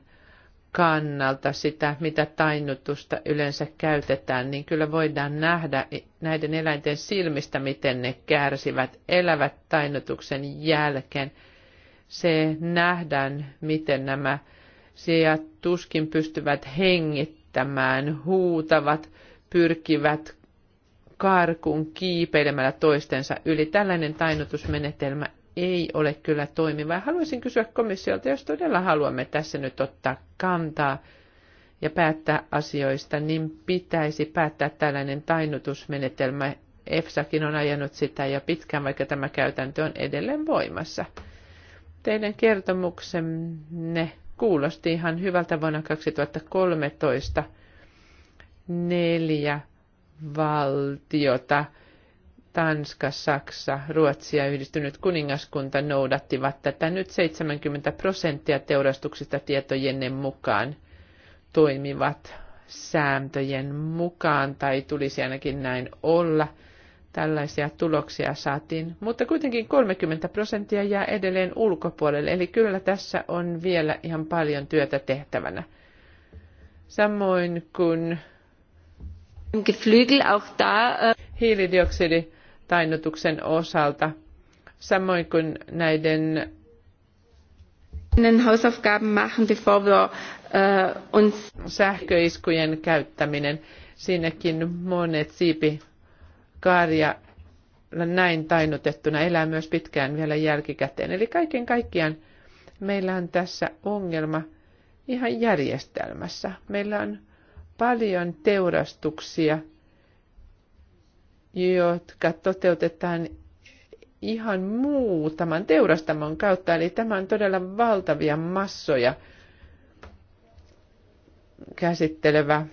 kannalta sitä, mitä tainnutusta yleensä käytetään, niin kyllä voidaan nähdä näiden eläinten silmistä, miten ne kärsivät, elävät tainnutuksen jälkeen. Se nähdään, miten nämä sijat tuskin pystyvät hengittämään, huutavat, pyrkivät karkun kiipeilemällä toistensa yli. Tällainen tainnutusmenetelmä ei ole kyllä toimiva. Haluaisin kysyä komissiolta, jos todella haluamme tässä nyt ottaa kantaa ja päättää asioista, niin pitäisi päättää tällainen tainnutusmenetelmä. EFSAkin on ajanut sitä jo pitkään, vaikka tämä käytäntö on edelleen voimassa. Teidän kertomuksenne kuulosti ihan hyvältä vuonna 2013 neljä valtiota – Tanska, Saksa, Ruotsi ja yhdistynyt kuningaskunta noudattivat tätä. Nyt 70 prosenttia teurastuksista tietojenne mukaan toimivat sääntöjen mukaan, tai tulisi ainakin näin olla. Tällaisia tuloksia saatiin, mutta kuitenkin 30 prosenttia jää edelleen ulkopuolelle, eli kyllä tässä on vielä ihan paljon työtä tehtävänä. Samoin kuin Geflügel, auch da, äh, hiilidioksidi tainnutuksen osalta, samoin kuin näiden machen, bevor wir, äh, uns sähköiskujen käyttäminen. Siinäkin monet siipi karja näin tainnutettuna elää myös pitkään vielä jälkikäteen. Eli kaiken kaikkiaan meillä on tässä ongelma ihan järjestelmässä. Meillä on paljon teurastuksia – jotka toteutetaan ihan muutaman teurastamon kautta. Eli tämä on todella valtavia massoja käsittelevä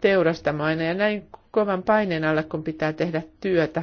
teurastamoina Ja näin kovan paineen alla, kun pitää tehdä työtä,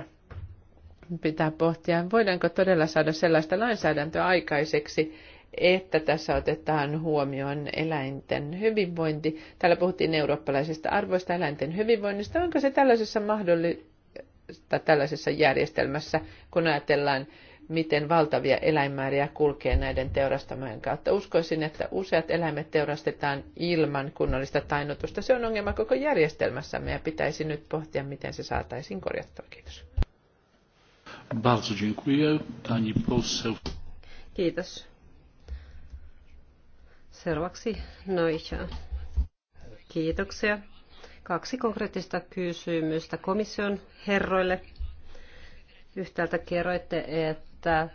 pitää pohtia, voidaanko todella saada sellaista lainsäädäntöä aikaiseksi, että tässä otetaan huomioon eläinten hyvinvointi. Täällä puhuttiin eurooppalaisista arvoista eläinten hyvinvoinnista. Onko se tällaisessa mahdollista tällaisessa järjestelmässä, kun ajatellaan, miten valtavia eläinmääriä kulkee näiden teurastamojen kautta. Uskoisin, että useat eläimet teurastetaan ilman kunnollista tainnutusta. Se on ongelma koko järjestelmässämme ja pitäisi nyt pohtia, miten se saataisiin korjattua. Kiitos. Bardzo dziękuję, pani poseł. Kiitos. Seuraavaksi Noisha. Kiitoksia. Kaksi konkreettista kysymystä komission herroille. Yhtäältä kerroitte, että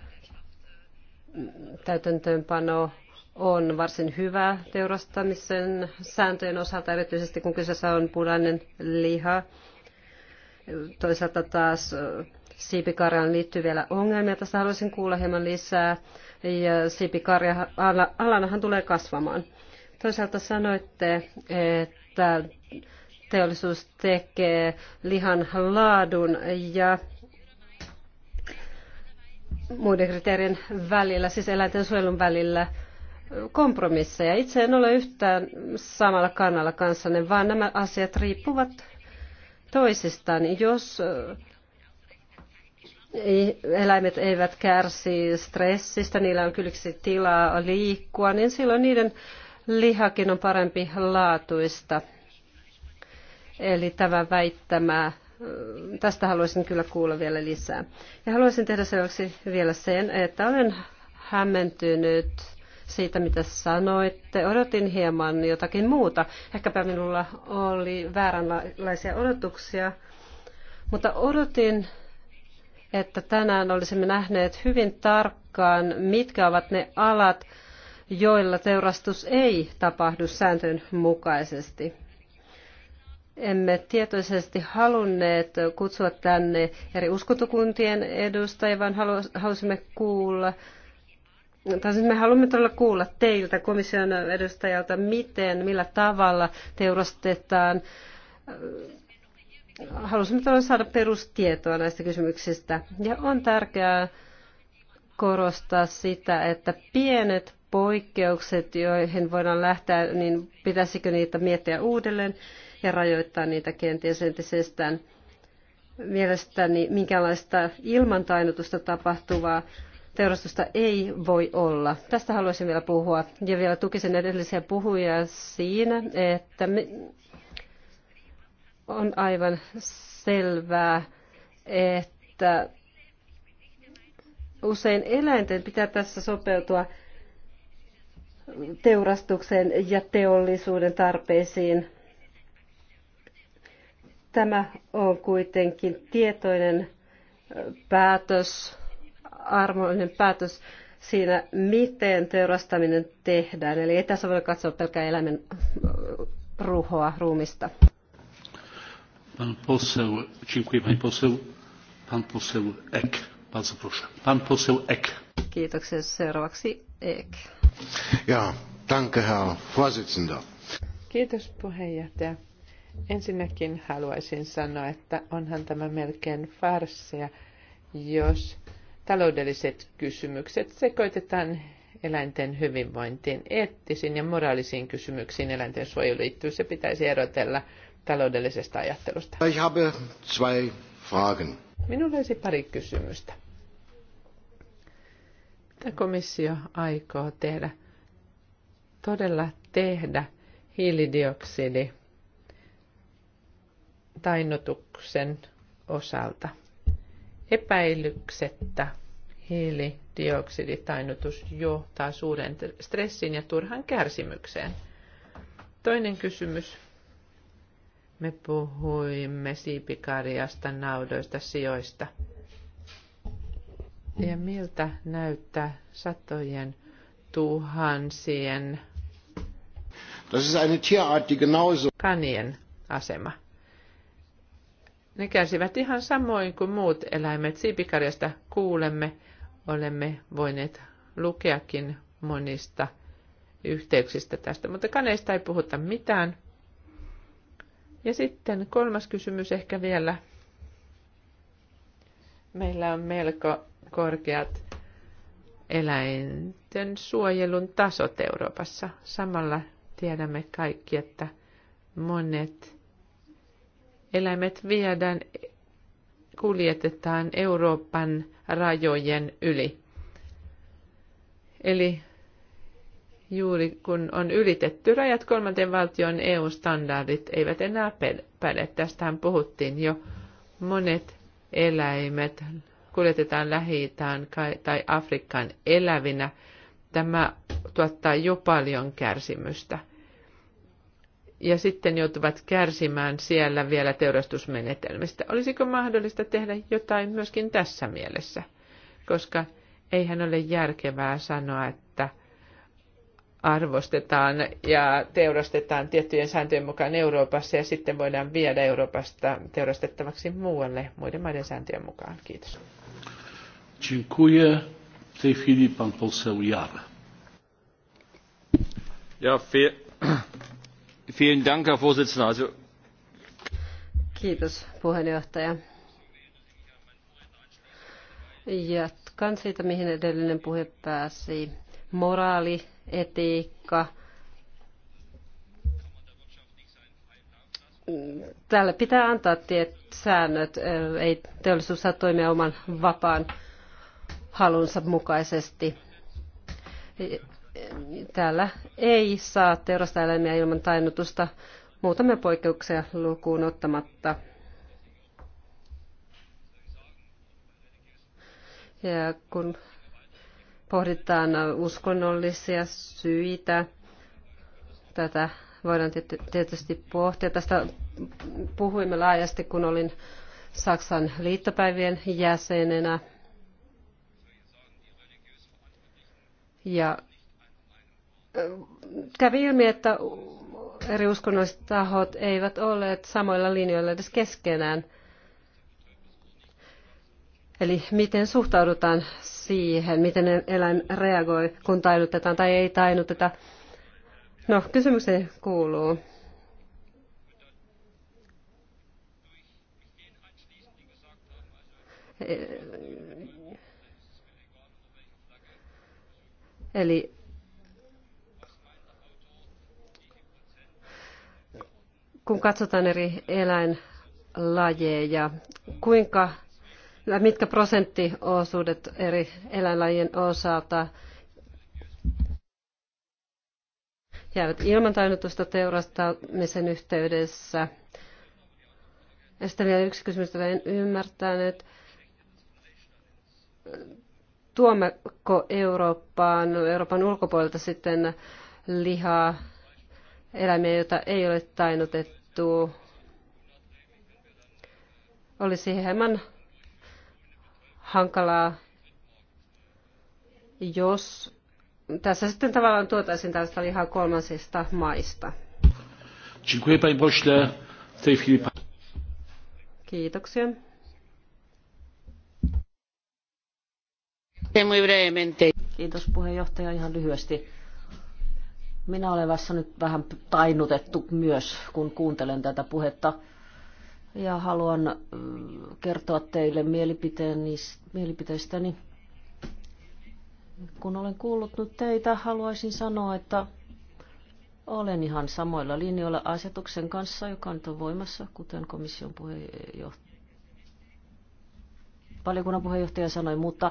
täytäntöönpano on varsin hyvä teurastamisen sääntöjen osalta, erityisesti kun kyseessä on punainen liha. Toisaalta taas siipikarjaan liittyy vielä ongelmia. Tästä haluaisin kuulla hieman lisää ja siipikarja-alanahan tulee kasvamaan. Toisaalta sanoitte, että teollisuus tekee lihan laadun ja muiden kriteerien välillä, siis eläinten suojelun välillä kompromisseja. Itse en ole yhtään samalla kannalla kanssanne, vaan nämä asiat riippuvat toisistaan. Jos eläimet eivät kärsi stressistä, niillä on kylliksi tilaa liikkua, niin silloin niiden lihakin on parempi laatuista. Eli tämä väittämä, tästä haluaisin kyllä kuulla vielä lisää. Ja haluaisin tehdä selväksi vielä sen, että olen hämmentynyt siitä, mitä sanoitte. Odotin hieman jotakin muuta. Ehkäpä minulla oli vääränlaisia odotuksia, mutta odotin että tänään olisimme nähneet hyvin tarkkaan, mitkä ovat ne alat, joilla teurastus ei tapahdu sääntöjen mukaisesti. Emme tietoisesti halunneet kutsua tänne eri uskontokuntien edustajia, vaan halusimme kuulla, tai siis me haluamme todella kuulla teiltä komission edustajalta, miten, millä tavalla teurastetaan halusimme todella saada perustietoa näistä kysymyksistä. Ja on tärkeää korostaa sitä, että pienet poikkeukset, joihin voidaan lähteä, niin pitäisikö niitä miettiä uudelleen ja rajoittaa niitä kenties entisestään. Mielestäni minkälaista ilmantainotusta tapahtuvaa teurastusta ei voi olla. Tästä haluaisin vielä puhua. Ja vielä tukisin edellisiä puhujia siinä, että on aivan selvää, että usein eläinten pitää tässä sopeutua teurastuksen ja teollisuuden tarpeisiin. Tämä on kuitenkin tietoinen päätös, armoinen päätös siinä, miten teurastaminen tehdään. Eli ei tässä voi katsoa pelkää eläimen ruhoa ruumista. Ek. Ek. herr Vorsitzender. Kiitos puheenjohtaja. Ensinnäkin haluaisin sanoa, että onhan tämä melkein farssia, jos taloudelliset kysymykset sekoitetaan eläinten hyvinvointiin, eettisiin ja moraalisiin kysymyksiin eläinten suojelu liittyy. Se pitäisi erotella taloudellisesta ajattelusta. Ich habe zwei Fragen. Minulla olisi pari kysymystä. Mitä komissio aikoo tehdä? Todella tehdä hiilidioksidi tainnutuksen osalta. Epäilyksettä hiilidioksiditainnutus johtaa suuren stressin ja turhan kärsimykseen. Toinen kysymys me puhuimme siipikarjasta, naudoista, sijoista. Ja miltä näyttää satojen tuhansien Das ist eine Tierart, die genauso kanien asema. Ne kärsivät ihan samoin kuin muut eläimet. Siipikarjasta kuulemme, olemme voineet lukeakin monista yhteyksistä tästä, mutta kaneista ei puhuta mitään. Ja sitten kolmas kysymys ehkä vielä. Meillä on melko korkeat eläinten suojelun tasot Euroopassa. Samalla tiedämme kaikki, että monet eläimet viedään, kuljetetaan Euroopan rajojen yli. Eli juuri kun on ylitetty rajat kolmanten valtion EU-standardit eivät enää päde. Tästähän puhuttiin jo. Monet eläimet kuljetetaan lähi tai Afrikkaan elävinä. Tämä tuottaa jo paljon kärsimystä. Ja sitten joutuvat kärsimään siellä vielä teurastusmenetelmistä. Olisiko mahdollista tehdä jotain myöskin tässä mielessä? Koska eihän ole järkevää sanoa, että arvostetaan ja teurastetaan tiettyjen sääntöjen mukaan Euroopassa ja sitten voidaan viedä Euroopasta teurastettavaksi muualle muiden maiden sääntöjen mukaan. Kiitos. Dziękuję. W tej chwili pan poseł Jar. Ja, vielen Dank, Herr Vorsitzender. Also... Kiitos, puheenjohtaja. Jatkan siitä, mihin edellinen puhe pääsi. Moraali etiikka. Täällä pitää antaa tiet säännöt. Ei teollisuus saa toimia oman vapaan halunsa mukaisesti. Täällä ei saa teurasta eläimiä ilman tainnutusta muutamia poikkeuksia lukuun ottamatta. Ja kun pohditaan uskonnollisia syitä. Tätä voidaan tietysti pohtia. Tästä puhuimme laajasti, kun olin Saksan liittopäivien jäsenenä. Ja kävi ilmi, että eri uskonnolliset tahot eivät olleet samoilla linjoilla edes keskenään – Eli miten suhtaudutaan siihen, miten eläin reagoi, kun tainnutetaan tai ei tainnuteta. No, kysymykseni kuuluu. Eli kun katsotaan eri eläinlajeja, kuinka mitkä prosenttiosuudet eri eläinlajien osalta jäävät ilman tainnutusta teurastamisen yhteydessä. Ja sitten vielä yksi kysymys, jota en ymmärtänyt. Tuommeko Eurooppaan, Euroopan ulkopuolelta sitten lihaa, eläimiä, joita ei ole tainnutettu? Olisi hieman hankalaa, jos tässä sitten tavallaan tuotaisiin tällaista lihaa kolmansista maista. Kiitoksia. Kiitos puheenjohtaja ihan lyhyesti. Minä olen vasta nyt vähän tainnutettu myös, kun kuuntelen tätä puhetta ja haluan kertoa teille mielipiteistäni. Kun olen kuullut nyt teitä, haluaisin sanoa, että olen ihan samoilla linjoilla asetuksen kanssa, joka nyt on voimassa, kuten komission puheenjohtaja. Valiokunnan puheenjohtaja sanoi, mutta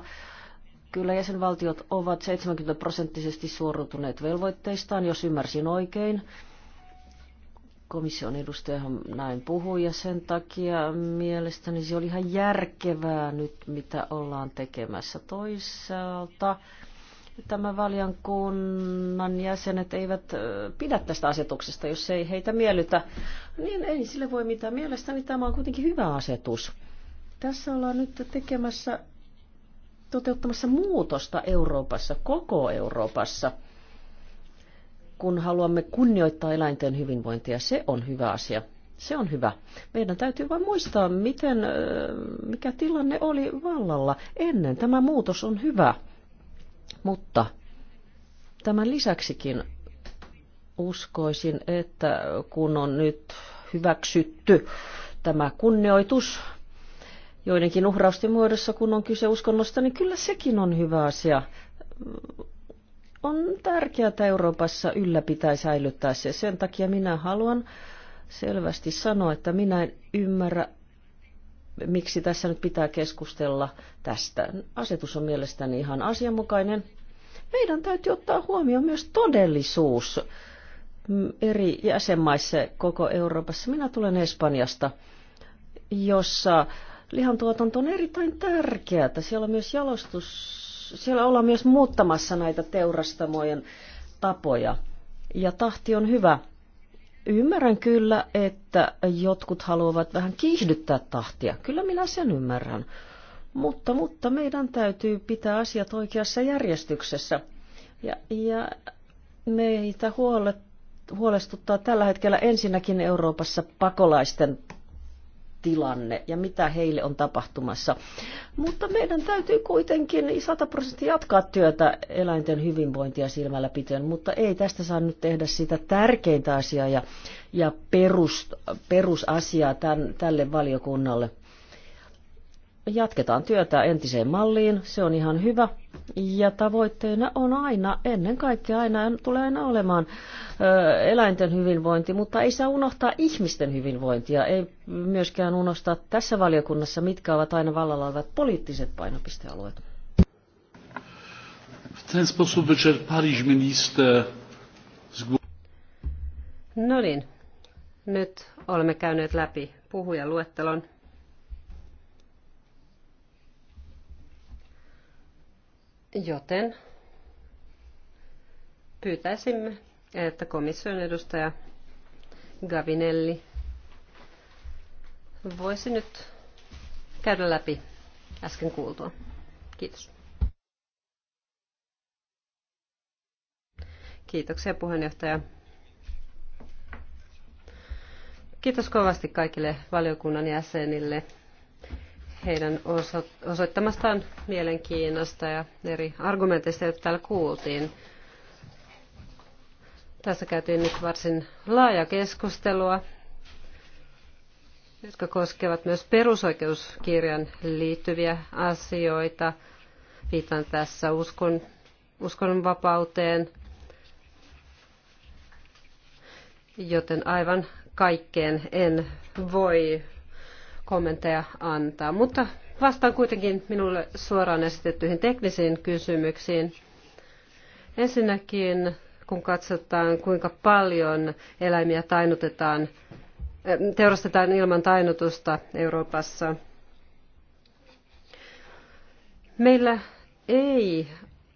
kyllä jäsenvaltiot ovat 70 prosenttisesti suoriutuneet velvoitteistaan, jos ymmärsin oikein komission edustajahan näin puhui ja sen takia mielestäni se oli ihan järkevää nyt, mitä ollaan tekemässä. Toisaalta tämä valiokunnan jäsenet eivät pidä tästä asetuksesta, jos ei heitä miellytä, niin ei sille voi mitään. Mielestäni tämä on kuitenkin hyvä asetus. Tässä ollaan nyt tekemässä, toteuttamassa muutosta Euroopassa, koko Euroopassa – kun haluamme kunnioittaa eläinten hyvinvointia. Se on hyvä asia. Se on hyvä. Meidän täytyy vain muistaa, miten, mikä tilanne oli vallalla ennen. Tämä muutos on hyvä, mutta tämän lisäksikin uskoisin, että kun on nyt hyväksytty tämä kunnioitus joidenkin uhrausten muodossa, kun on kyse uskonnosta, niin kyllä sekin on hyvä asia on tärkeää, että Euroopassa ylläpitää säilyttää se. Sen takia minä haluan selvästi sanoa, että minä en ymmärrä, miksi tässä nyt pitää keskustella tästä. Asetus on mielestäni ihan asianmukainen. Meidän täytyy ottaa huomioon myös todellisuus eri jäsenmaissa koko Euroopassa. Minä tulen Espanjasta, jossa lihantuotanto on erittäin tärkeää. Siellä on myös jalostus siellä ollaan myös muuttamassa näitä teurastamojen tapoja. Ja tahti on hyvä. Ymmärrän kyllä, että jotkut haluavat vähän kiihdyttää tahtia. Kyllä minä sen ymmärrän. Mutta, mutta meidän täytyy pitää asiat oikeassa järjestyksessä. Ja, ja meitä huolet, huolestuttaa tällä hetkellä ensinnäkin Euroopassa pakolaisten tilanne ja mitä heille on tapahtumassa. Mutta meidän täytyy kuitenkin 100 prosenttia jatkaa työtä eläinten hyvinvointia silmällä pitäen, mutta ei tästä saa nyt tehdä sitä tärkeintä asiaa ja, ja perus, perusasiaa tämän, tälle valiokunnalle jatketaan työtä entiseen malliin, se on ihan hyvä. Ja tavoitteena on aina, ennen kaikkea aina tulee aina olemaan ö, eläinten hyvinvointi, mutta ei saa unohtaa ihmisten hyvinvointia, ei myöskään unohtaa tässä valiokunnassa, mitkä ovat aina vallalla olevat poliittiset painopistealueet. No niin, nyt olemme käyneet läpi puhujaluettelon. Joten pyytäisimme, että komission edustaja Gavinelli voisi nyt käydä läpi äsken kuultua. Kiitos. Kiitoksia puheenjohtaja. Kiitos kovasti kaikille valiokunnan jäsenille heidän osoittamastaan mielenkiinnosta ja eri argumenteista, joita täällä kuultiin. Tässä käytiin nyt varsin laaja keskustelua, jotka koskevat myös perusoikeuskirjan liittyviä asioita. Viitan tässä uskon, uskonvapauteen, joten aivan kaikkeen en voi kommentteja antaa. Mutta vastaan kuitenkin minulle suoraan esitettyihin teknisiin kysymyksiin. Ensinnäkin, kun katsotaan, kuinka paljon eläimiä tainutetaan, äh, teurastetaan ilman tainutusta Euroopassa, meillä ei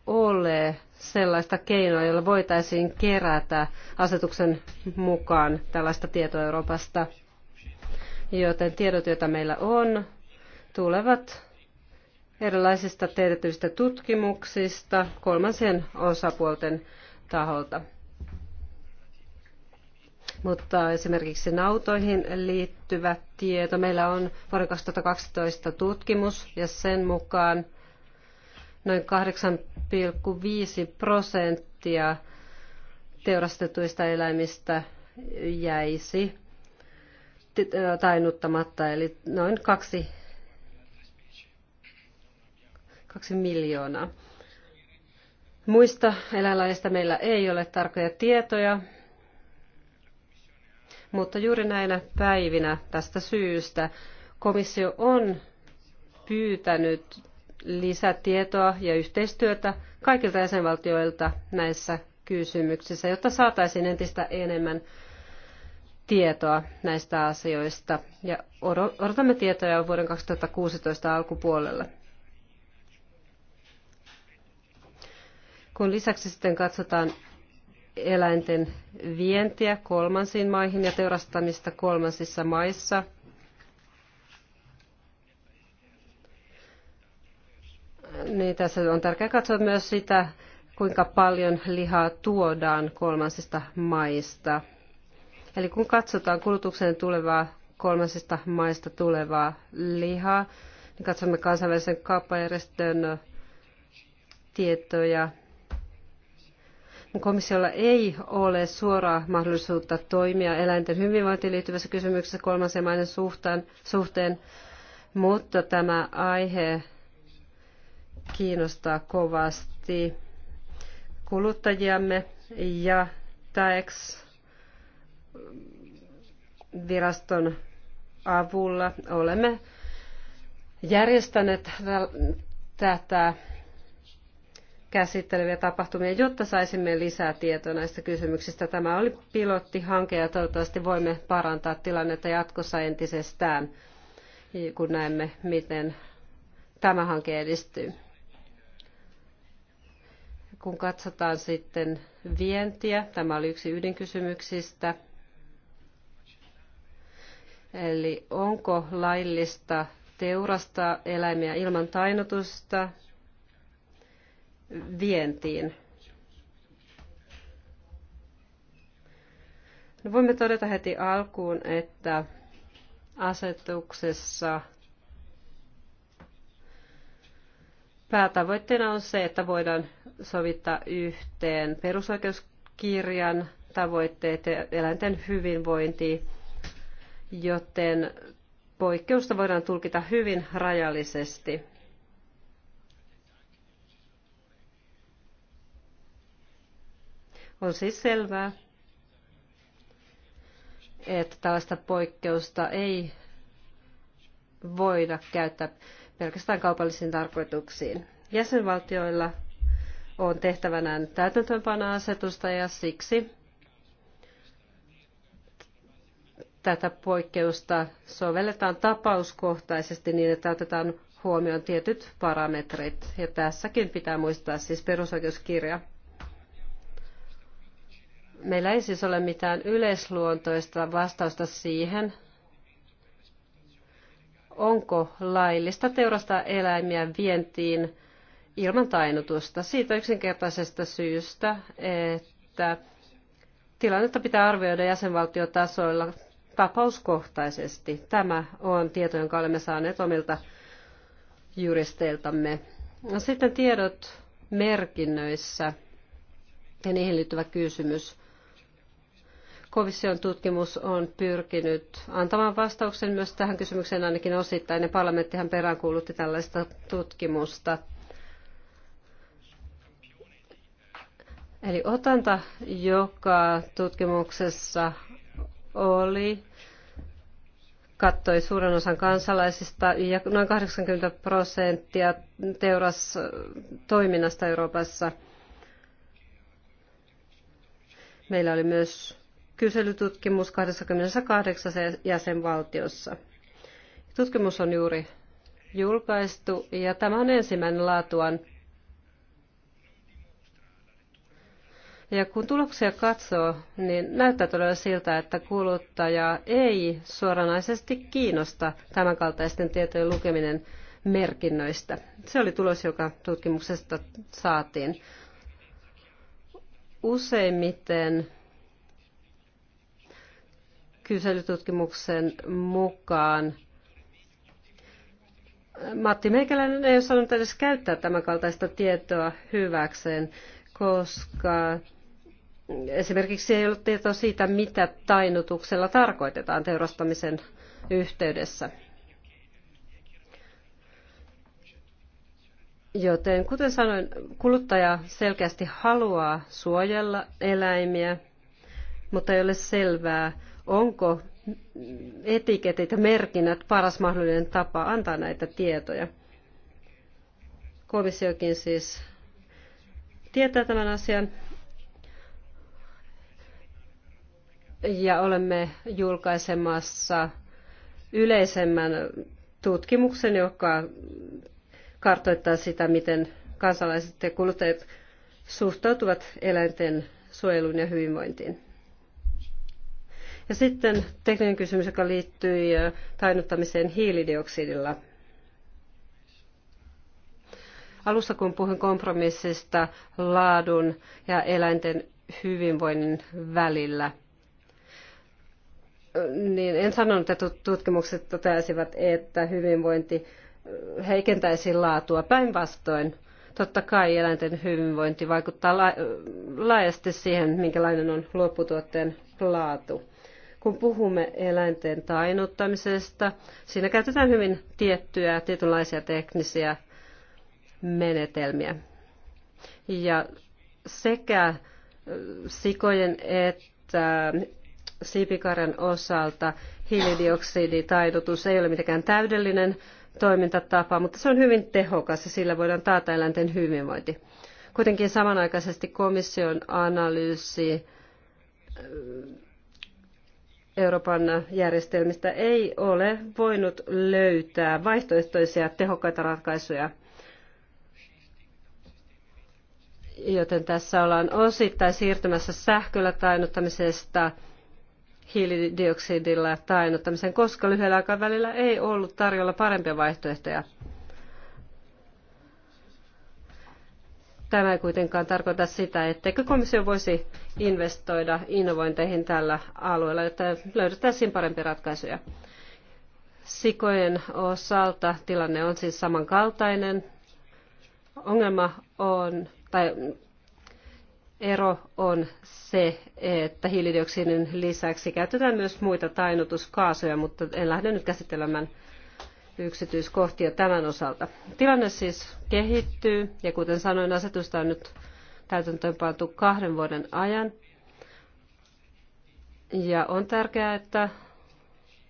ole sellaista keinoa, jolla voitaisiin kerätä asetuksen mukaan tällaista tietoa Euroopasta – joten tiedot, joita meillä on, tulevat erilaisista teetetyistä tutkimuksista kolmansien osapuolten taholta. Mutta esimerkiksi nautoihin liittyvä tieto. Meillä on vuoden 2012 tutkimus ja sen mukaan noin 8,5 prosenttia teurastetuista eläimistä jäisi tainnuttamatta, eli noin kaksi, kaksi miljoonaa. Muista eläinlajeista meillä ei ole tarkoja tietoja, mutta juuri näinä päivinä tästä syystä komissio on pyytänyt lisätietoa ja yhteistyötä kaikilta jäsenvaltioilta näissä kysymyksissä, jotta saataisiin entistä enemmän tietoa näistä asioista ja odotamme tietoja vuoden 2016 alkupuolella. Kun lisäksi sitten katsotaan eläinten vientiä kolmansiin maihin ja teurastamista kolmansissa maissa, niin tässä on tärkeää katsoa myös sitä, kuinka paljon lihaa tuodaan kolmansista maista Eli kun katsotaan kulutukseen tulevaa kolmansista maista tulevaa lihaa, niin katsomme kansainvälisen kauppajärjestön tietoja. Komissiolla ei ole suoraa mahdollisuutta toimia eläinten hyvinvointiin liittyvässä kysymyksessä kolmansien maiden suhteen, suhteen, mutta tämä aihe kiinnostaa kovasti kuluttajiamme ja TAEX viraston avulla olemme järjestäneet tätä käsitteleviä tapahtumia, jotta saisimme lisää tietoa näistä kysymyksistä. Tämä oli pilottihanke ja toivottavasti voimme parantaa tilannetta jatkossa entisestään, kun näemme, miten tämä hanke edistyy. Kun katsotaan sitten vientiä, tämä oli yksi ydinkysymyksistä. Eli onko laillista teurastaa eläimiä ilman tainotusta vientiin? No voimme todeta heti alkuun, että asetuksessa päätavoitteena on se, että voidaan sovittaa yhteen perusoikeuskirjan tavoitteet ja eläinten hyvinvointi joten poikkeusta voidaan tulkita hyvin rajallisesti. On siis selvää, että tällaista poikkeusta ei voida käyttää pelkästään kaupallisiin tarkoituksiin. Jäsenvaltioilla on tehtävänään täytäntöönpanoasetusta ja siksi tätä poikkeusta sovelletaan tapauskohtaisesti niin, että otetaan huomioon tietyt parametrit. Ja tässäkin pitää muistaa siis perusoikeuskirja. Meillä ei siis ole mitään yleisluontoista vastausta siihen, onko laillista teurastaa eläimiä vientiin ilman tainnutusta. Siitä yksinkertaisesta syystä, että tilannetta pitää arvioida jäsenvaltiotasoilla tapauskohtaisesti. Tämä on tieto, jonka olemme saaneet omilta juristeiltamme. Sitten tiedot merkinnöissä ja niihin liittyvä kysymys. Komission tutkimus on pyrkinyt antamaan vastauksen myös tähän kysymykseen ainakin osittain, ja parlamenttihan peräänkuulutti tällaista tutkimusta. Eli otanta, joka tutkimuksessa oli, kattoi suuren osan kansalaisista ja noin 80 prosenttia teuras toiminnasta Euroopassa. Meillä oli myös kyselytutkimus 28 jäsenvaltiossa. Tutkimus on juuri julkaistu ja tämä on ensimmäinen laatuaan Ja kun tuloksia katsoo, niin näyttää todella siltä, että kuluttaja ei suoranaisesti kiinnosta tämänkaltaisten tietojen lukeminen merkinnöistä. Se oli tulos, joka tutkimuksesta saatiin. Useimmiten kyselytutkimuksen mukaan Matti Meikäläinen ei ole sanonut edes käyttää tämänkaltaista tietoa hyväkseen, koska Esimerkiksi ei ollut tietoa siitä, mitä tainnutuksella tarkoitetaan teurastamisen yhteydessä. Joten kuten sanoin, kuluttaja selkeästi haluaa suojella eläimiä, mutta ei ole selvää, onko etiketit ja merkinnät paras mahdollinen tapa antaa näitä tietoja. Komissiokin siis tietää tämän asian ja olemme julkaisemassa yleisemmän tutkimuksen, joka kartoittaa sitä, miten kansalaiset ja kuluttajat suhtautuvat eläinten suojeluun ja hyvinvointiin. Ja sitten tekninen kysymys, joka liittyy tainnuttamiseen hiilidioksidilla. Alussa kun puhuin kompromissista laadun ja eläinten hyvinvoinnin välillä – niin en sanonut, että tutkimukset totesivat, että hyvinvointi äh, heikentäisi laatua. Päinvastoin, totta kai eläinten hyvinvointi vaikuttaa äh, laajasti siihen, minkälainen on lopputuotteen laatu. Kun puhumme eläinten tainuttamisesta, siinä käytetään hyvin tiettyjä, tietynlaisia teknisiä menetelmiä. Ja sekä äh, sikojen että siipikarjan osalta hiilidioksiditaidotus ei ole mitenkään täydellinen toimintatapa, mutta se on hyvin tehokas ja sillä voidaan taata eläinten hyvinvointi. Kuitenkin samanaikaisesti komission analyysi äh, Euroopan järjestelmistä ei ole voinut löytää vaihtoehtoisia tehokkaita ratkaisuja joten tässä ollaan osittain siirtymässä sähköllä tainnuttamisesta hiilidioksidilla tainnuttamiseen, koska lyhyellä aikavälillä ei ollut tarjolla parempia vaihtoehtoja. Tämä ei kuitenkaan tarkoita sitä, etteikö komissio voisi investoida innovointeihin tällä alueella, jotta löydettäisiin parempia ratkaisuja. Sikojen osalta tilanne on siis samankaltainen. Ongelma on, tai ero on se, että hiilidioksidin lisäksi käytetään myös muita tainnutuskaasuja, mutta en lähde nyt käsittelemään yksityiskohtia tämän osalta. Tilanne siis kehittyy ja kuten sanoin, asetusta on nyt täytäntöönpantu kahden vuoden ajan. Ja on tärkeää, että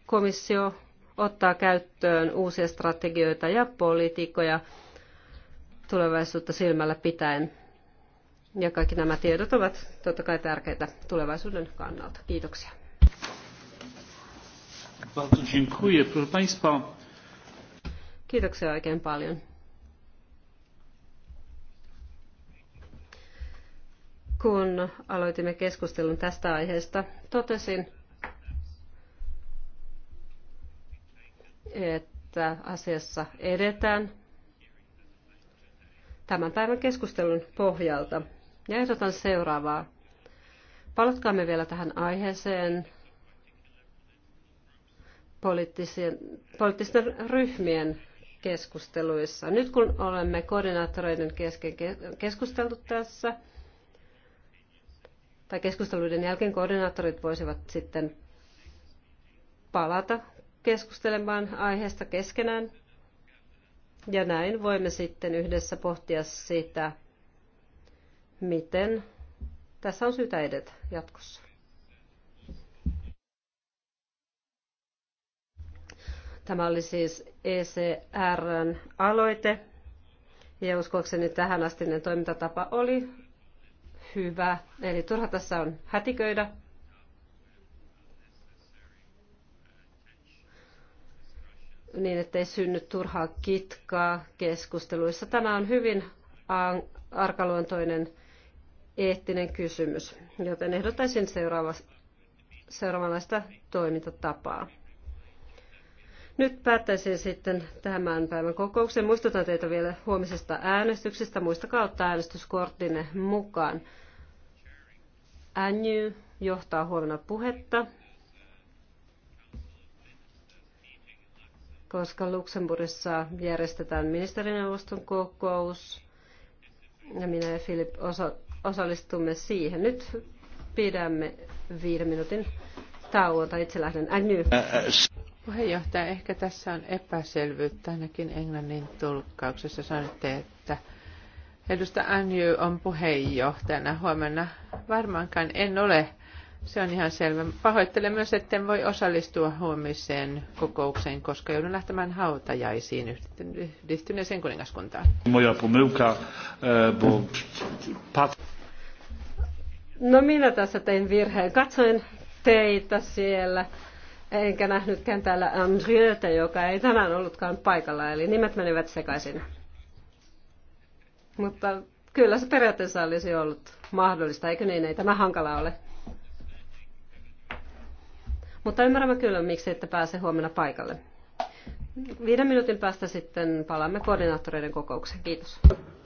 komissio ottaa käyttöön uusia strategioita ja politiikkoja tulevaisuutta silmällä pitäen. Ja kaikki nämä tiedot ovat totta kai tärkeitä tulevaisuuden kannalta. Kiitoksia. Kiitoksia oikein paljon. Kun aloitimme keskustelun tästä aiheesta, totesin, että asiassa edetään tämän päivän keskustelun pohjalta. Ja ehdotan seuraavaa. Palatkaamme vielä tähän aiheeseen poliittisten, poliittisten ryhmien keskusteluissa. Nyt kun olemme koordinaattoreiden kesken keskusteltu tässä, tai keskusteluiden jälkeen koordinaattorit voisivat sitten palata keskustelemaan aiheesta keskenään. Ja näin voimme sitten yhdessä pohtia sitä, miten tässä on syytä edetä jatkossa. Tämä oli siis ECRn aloite ja uskoakseni tähän astinen toimintatapa oli hyvä. Eli turha tässä on hätiköidä. Niin, ettei synny turhaa kitkaa keskusteluissa. Tämä on hyvin arkaluontoinen eettinen kysymys, joten ehdottaisin seuraava, seuraavanlaista toimintatapaa. Nyt päättäisin sitten tämän päivän kokouksen. Muistutan teitä vielä huomisesta äänestyksestä. Muistakaa ottaa äänestyskorttinne mukaan. Anny johtaa huomenna puhetta, koska Luxemburgissa järjestetään ministerineuvoston kokous. Ja minä ja Filip osa- osallistumme siihen. Nyt pidämme viiden minuutin tauota. Itse lähden. Niin. Puheenjohtaja, ehkä tässä on epäselvyyttä ainakin englannin tulkkauksessa. Sanoitte, että edustaja Anju on puheenjohtajana huomenna. Varmaankaan en ole. Se on ihan selvä. Pahoittelen myös, etten voi osallistua huomiseen kokoukseen, koska joudun lähtemään hautajaisiin yhdistyneeseen kuningaskuntaan. Moja pomyłka, e, bo... No minä tässä tein virheen. Katsoin teitä siellä, enkä nähnytkään täällä Andriötä, joka ei tänään ollutkaan paikalla, eli nimet menivät sekaisin. Mutta kyllä se periaatteessa olisi ollut mahdollista, eikö niin? Ei tämä hankala ole. Mutta ymmärrämme kyllä, miksi ette pääse huomenna paikalle. Viiden minuutin päästä sitten palaamme koordinaattoreiden kokoukseen. Kiitos.